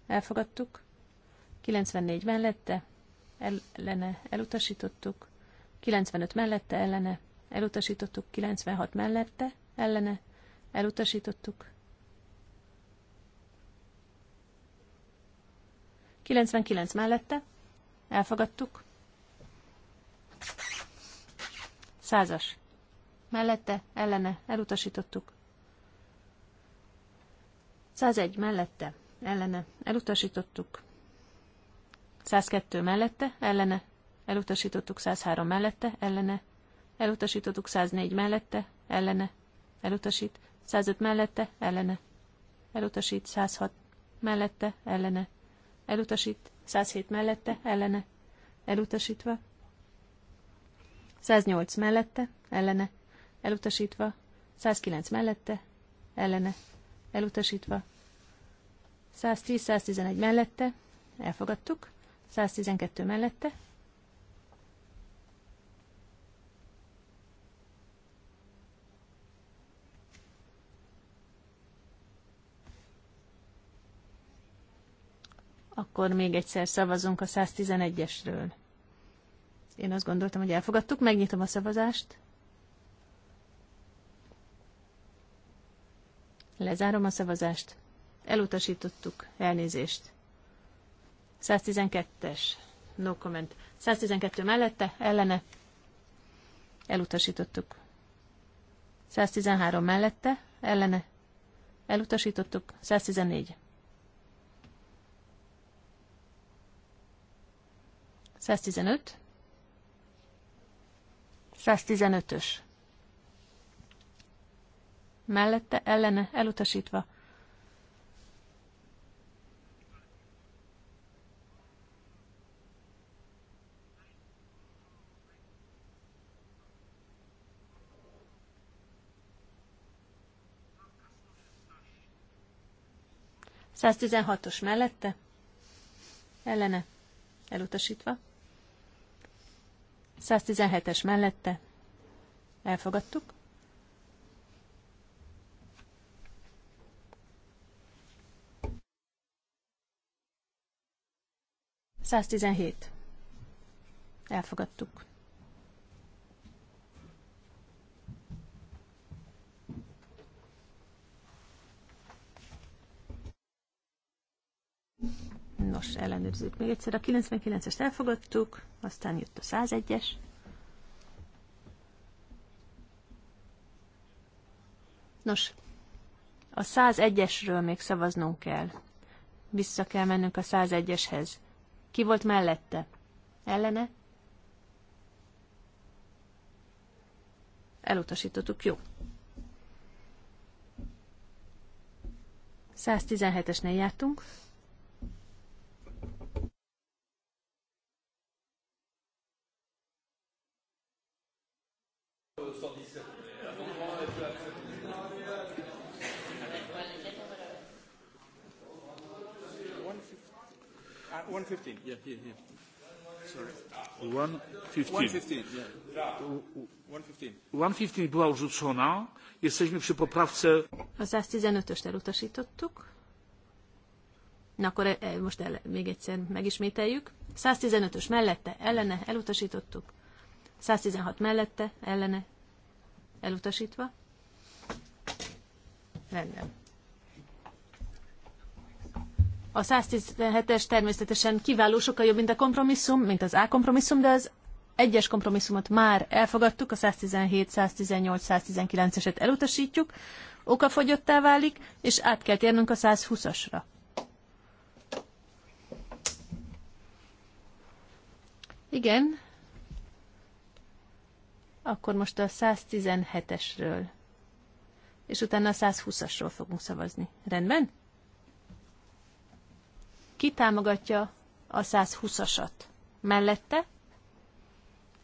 elfogadtuk, 94 mellette, ellene elutasítottuk, 95 mellette ellene, elutasítottuk, 96 mellette ellene, elutasítottuk, 99 mellette, elfogadtuk. Százas. Mellette, ellene, elutasítottuk. 101 mellette, ellene, elutasítottuk. 102 mellette, ellene, elutasítottuk 103 mellette, ellene, elutasítottuk 104 mellette, ellene, elutasít, 105 mellette, ellene, elutasít 106 mellette, ellene, elutasít, 107 mellette, ellene, elutasítva, 108 mellette, ellene, elutasítva, 109 mellette, ellene, elutasítva, 110-111 mellette, elfogadtuk, 112 mellette, akkor még egyszer szavazunk a 111-esről. Én azt gondoltam, hogy elfogadtuk. Megnyitom a szavazást. Lezárom a szavazást. Elutasítottuk. Elnézést. 112-es. No comment. 112 mellette, ellene. Elutasítottuk. 113 mellette, ellene. Elutasítottuk. 114. 115. 115-ös. Mellette ellene elutasítva. Száztizenhatos mellette, ellene, elutasítva. 117-es mellette elfogadtuk. Száztizenhét. Elfogadtuk. Nos, ellenőrizzük még egyszer. A 99-est elfogadtuk, aztán jött a 101-es. Nos, a 101-esről még szavaznunk kell. Vissza kell mennünk a 101-eshez. Ki volt mellette? Ellene? Elutasítottuk, jó. 117-esnél jártunk. 115. 115 była odrzucona. Jesteśmy przy poprawce... A 115-öst elutasítottuk. Na akkor e, most el, még egyszer megismételjük. 115-ös mellette, ellene, elutasítottuk. 116 mellette, ellene, elutasítva. Rendben. A 117-es természetesen kiváló, sokkal jobb, mint a kompromisszum, mint az A kompromisszum, de az egyes kompromisszumot már elfogadtuk, a 117, 118, 119-eset elutasítjuk, okafogyottá válik, és át kell térnünk a 120-asra. Igen. Akkor most a 117-esről. És utána a 120-asról fogunk szavazni. Rendben? Ki támogatja a 120-asat? Mellette?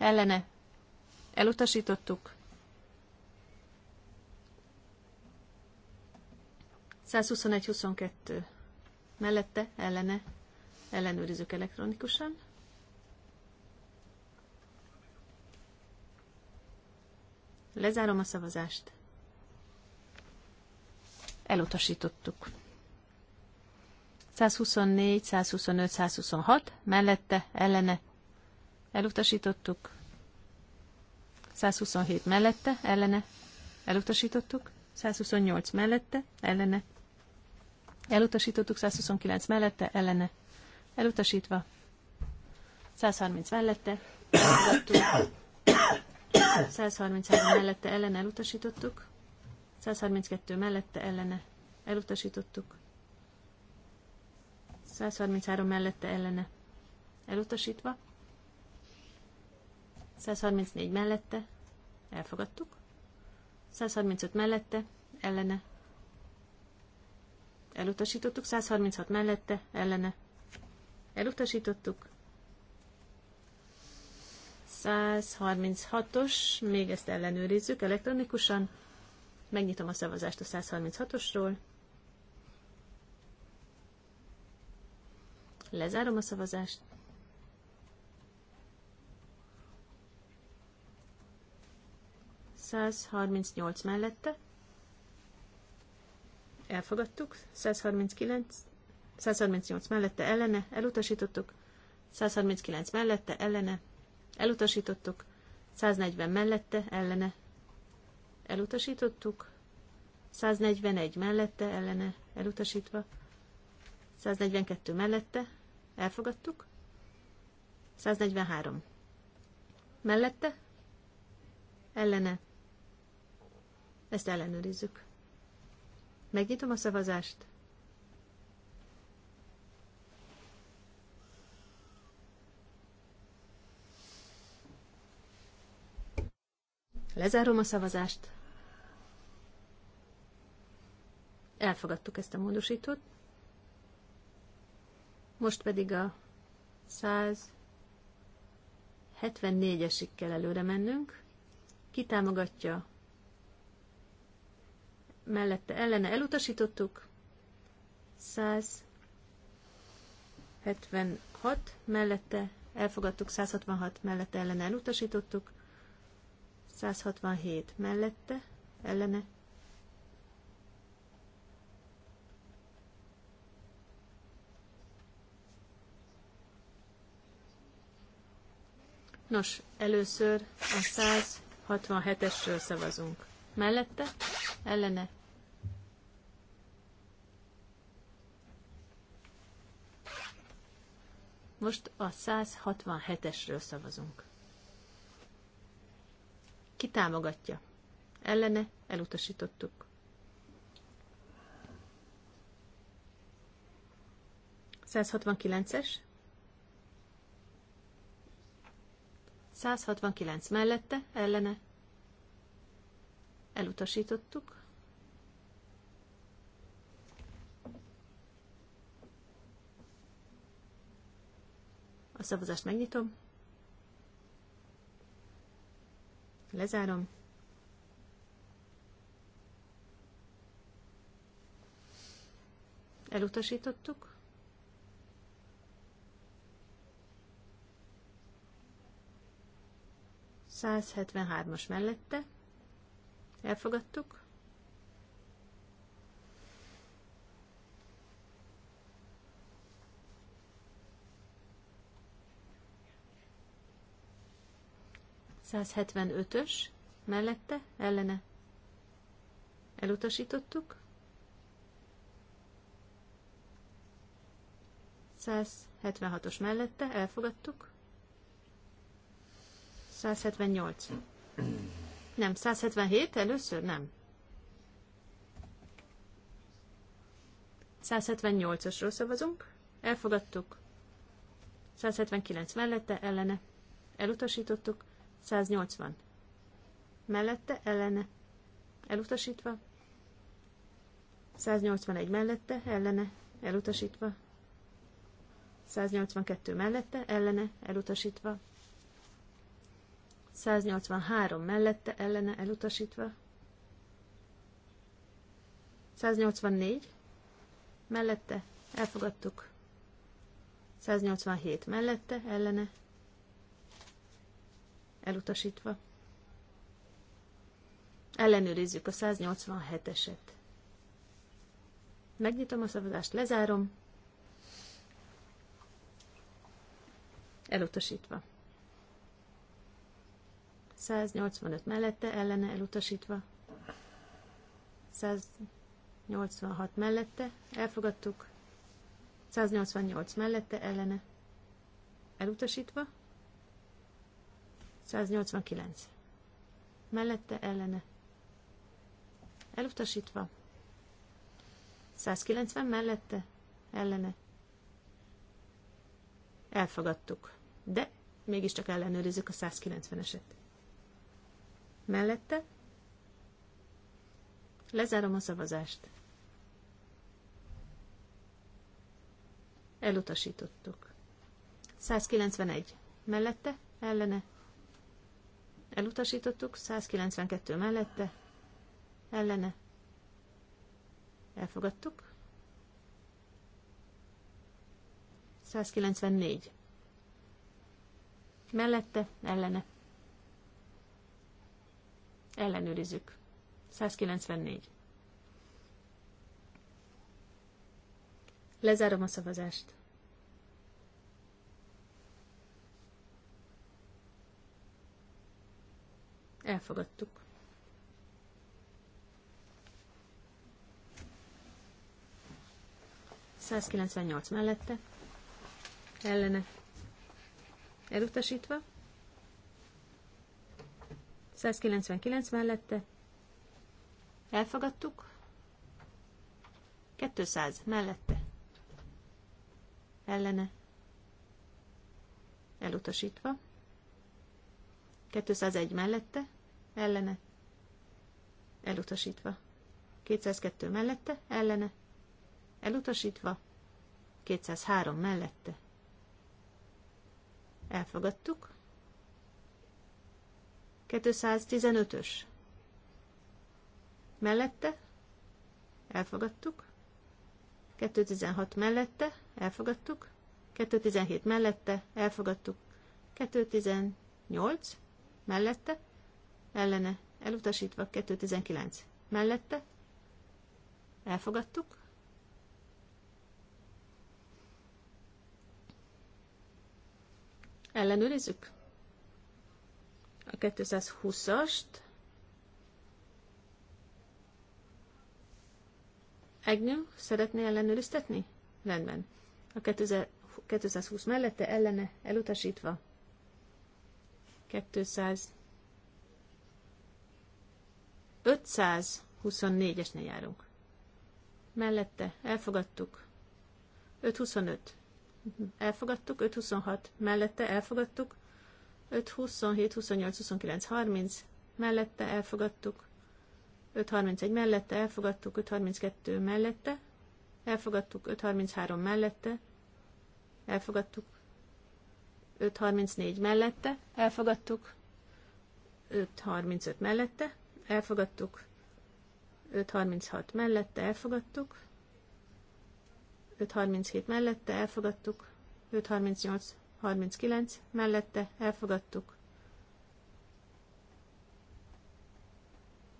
ellene elutasítottuk. 121-22 mellette ellene ellenőrizzük elektronikusan. Lezárom a szavazást. Elutasítottuk. 124, 125, 126, mellette, ellene. Elutasítottuk. 127 mellette, ellene, elutasítottuk. 128 mellette, ellene, elutasítottuk. 129 mellette, ellene, elutasítva. 130 mellette, elutasítottuk. 133 mellette, ellene, elutasítottuk. 132 mellette, ellene, elutasítottuk. 133 mellette, ellene, elutasítva. 134 mellette, elfogadtuk. 135 mellette, ellene, elutasítottuk. 136 mellette, ellene, elutasítottuk. 136-os, még ezt ellenőrizzük elektronikusan. Megnyitom a szavazást a 136-osról. Lezárom a szavazást. 138 mellette. Elfogadtuk. 139, 138 mellette ellene, elutasítottuk. 139 mellette ellene, elutasítottuk. 140 mellette ellene, elutasítottuk. 141 mellette ellene, elutasítva. 142 mellette, elfogadtuk. 143 mellette, ellene, ezt ellenőrizzük. Megnyitom a szavazást. Lezárom a szavazást. Elfogadtuk ezt a módosítót. Most pedig a 174-esig kell előre mennünk. Ki támogatja mellette ellene elutasítottuk, 176 mellette elfogadtuk, 166 mellette ellene elutasítottuk, 167 mellette ellene Nos, először a 167-esről szavazunk. Mellette ellene Most a 167-esről szavazunk. Ki támogatja? Ellene elutasítottuk. es 169 mellette, ellene elutasítottuk. A szavazást megnyitom. Lezárom. Elutasítottuk. Száz hetvenhármas mellette. Elfogadtuk. ös mellette, ellene. Elutasítottuk. 176-os mellette, elfogadtuk. 178. Nem, 177 először? Nem. 178-osról szavazunk. Elfogadtuk. 179 mellette, ellene. Elutasítottuk. 180. Mellette, ellene. Elutasítva. 181 mellette, ellene. Elutasítva. 182 mellette, ellene. Elutasítva. 183 mellette ellene elutasítva. 184 mellette elfogadtuk. 187 mellette ellene elutasítva. Ellenőrizzük a 187-eset. Megnyitom a szavazást, lezárom. Elutasítva. 185 mellette, ellene elutasítva. 186 mellette, elfogadtuk. 188 mellette, ellene elutasítva. 189 mellette, ellene elutasítva. 190 mellette, ellene elfogadtuk. De mégiscsak ellenőrizzük a 190-eset. Mellette? Lezárom a szavazást. Elutasítottuk. 191. Mellette? Ellene? Elutasítottuk. 192 mellette? Ellene? Elfogadtuk. 194. Mellette? Ellene? Ellenőrizzük. 194. Lezárom a szavazást. Elfogadtuk. Százkilencvennyolc mellette, ellene, elutasítva. 199 mellette. Elfogadtuk. 200 mellette. Ellene. Elutasítva. 201 mellette. Ellene. Elutasítva. 202 mellette. Ellene. Elutasítva. 203 mellette. Elfogadtuk. 215-ös. Mellette elfogadtuk. 216 mellette elfogadtuk. 217 mellette elfogadtuk. 218 mellette ellene elutasítva. 219 mellette elfogadtuk. Ellenőrizzük a 220-ast, Egnő, szeretné ellenőriztetni? Rendben. A 220 mellette ellene elutasítva. 200. 524-esnél járunk. Mellette elfogadtuk. 525. Elfogadtuk. 526. Mellette elfogadtuk. 5, 27, 28, 29, 30 mellette elfogadtuk. 5, 31 mellette elfogadtuk. 5, 32 mellette elfogadtuk. 5, 33 mellette elfogadtuk. 5, 34 mellette elfogadtuk. 5, 35 mellette elfogadtuk. 5, 36 mellette elfogadtuk, 5, 37 mellette elfogadtuk, 5, 38 5.38 39 mellette elfogadtuk.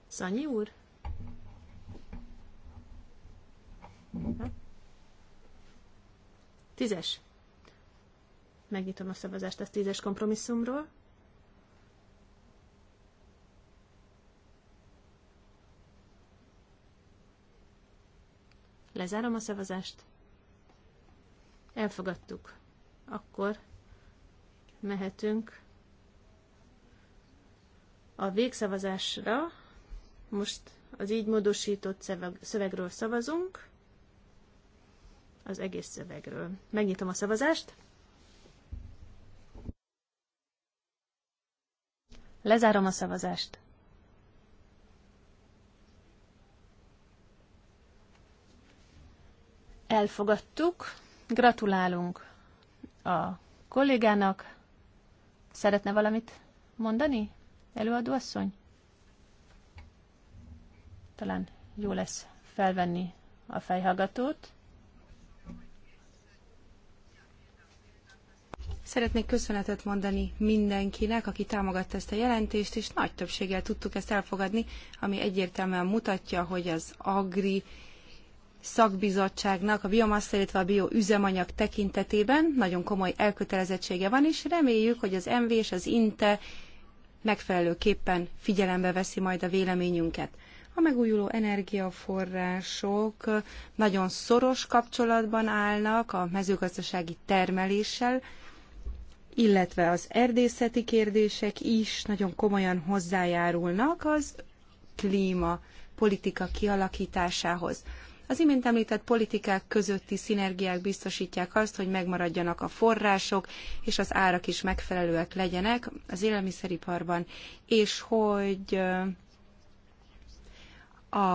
Szanyi úr? Tízes. Megnyitom a szavazást a tízes kompromisszumról. Lezárom a szavazást. Elfogadtuk. Akkor mehetünk a végszavazásra. Most az így módosított szövegről szavazunk, az egész szövegről. Megnyitom a szavazást. Lezárom a szavazást. Elfogadtuk. Gratulálunk a kollégának, Szeretne valamit mondani, előadó asszony? Talán jó lesz felvenni a fejhallgatót. Szeretnék köszönetet mondani mindenkinek, aki támogatta ezt a jelentést, és nagy többséggel tudtuk ezt elfogadni, ami egyértelműen mutatja, hogy az agri szakbizottságnak a biomassa, illetve a bioüzemanyag tekintetében nagyon komoly elkötelezettsége van, és reméljük, hogy az MV és az INTE megfelelőképpen figyelembe veszi majd a véleményünket. A megújuló energiaforrások nagyon szoros kapcsolatban állnak a mezőgazdasági termeléssel, illetve az erdészeti kérdések is nagyon komolyan hozzájárulnak az klíma politika kialakításához. Az imént említett politikák közötti szinergiák biztosítják azt, hogy megmaradjanak a források, és az árak is megfelelőek legyenek az élelmiszeriparban, és hogy a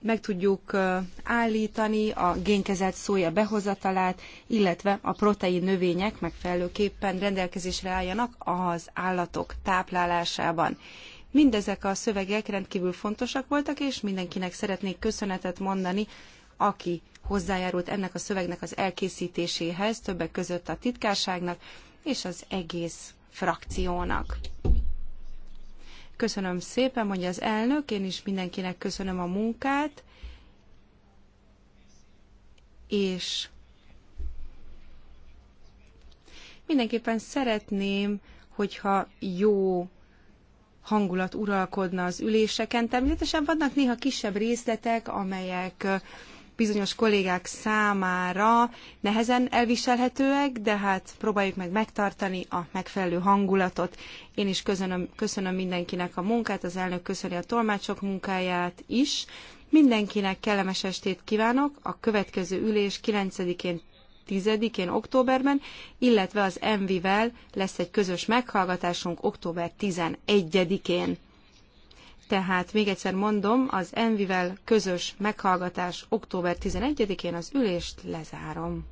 meg tudjuk állítani a génkezelt szója behozatalát, illetve a protein növények megfelelőképpen rendelkezésre álljanak az állatok táplálásában. Mindezek a szövegek rendkívül fontosak voltak, és mindenkinek szeretnék köszönetet mondani, aki hozzájárult ennek a szövegnek az elkészítéséhez, többek között a titkárságnak és az egész frakciónak. Köszönöm szépen, mondja az elnök, én is mindenkinek köszönöm a munkát, és mindenképpen szeretném, hogyha jó hangulat uralkodna az üléseken. Természetesen vannak néha kisebb részletek, amelyek bizonyos kollégák számára nehezen elviselhetőek, de hát próbáljuk meg megtartani a megfelelő hangulatot. Én is köszönöm, köszönöm mindenkinek a munkát, az elnök köszöni a tolmácsok munkáját is. Mindenkinek kellemes estét kívánok, a következő ülés 9-én 10-én októberben, illetve az MV-vel lesz egy közös meghallgatásunk október 11-én. Tehát még egyszer mondom, az Envivel közös meghallgatás október 11-én az ülést lezárom.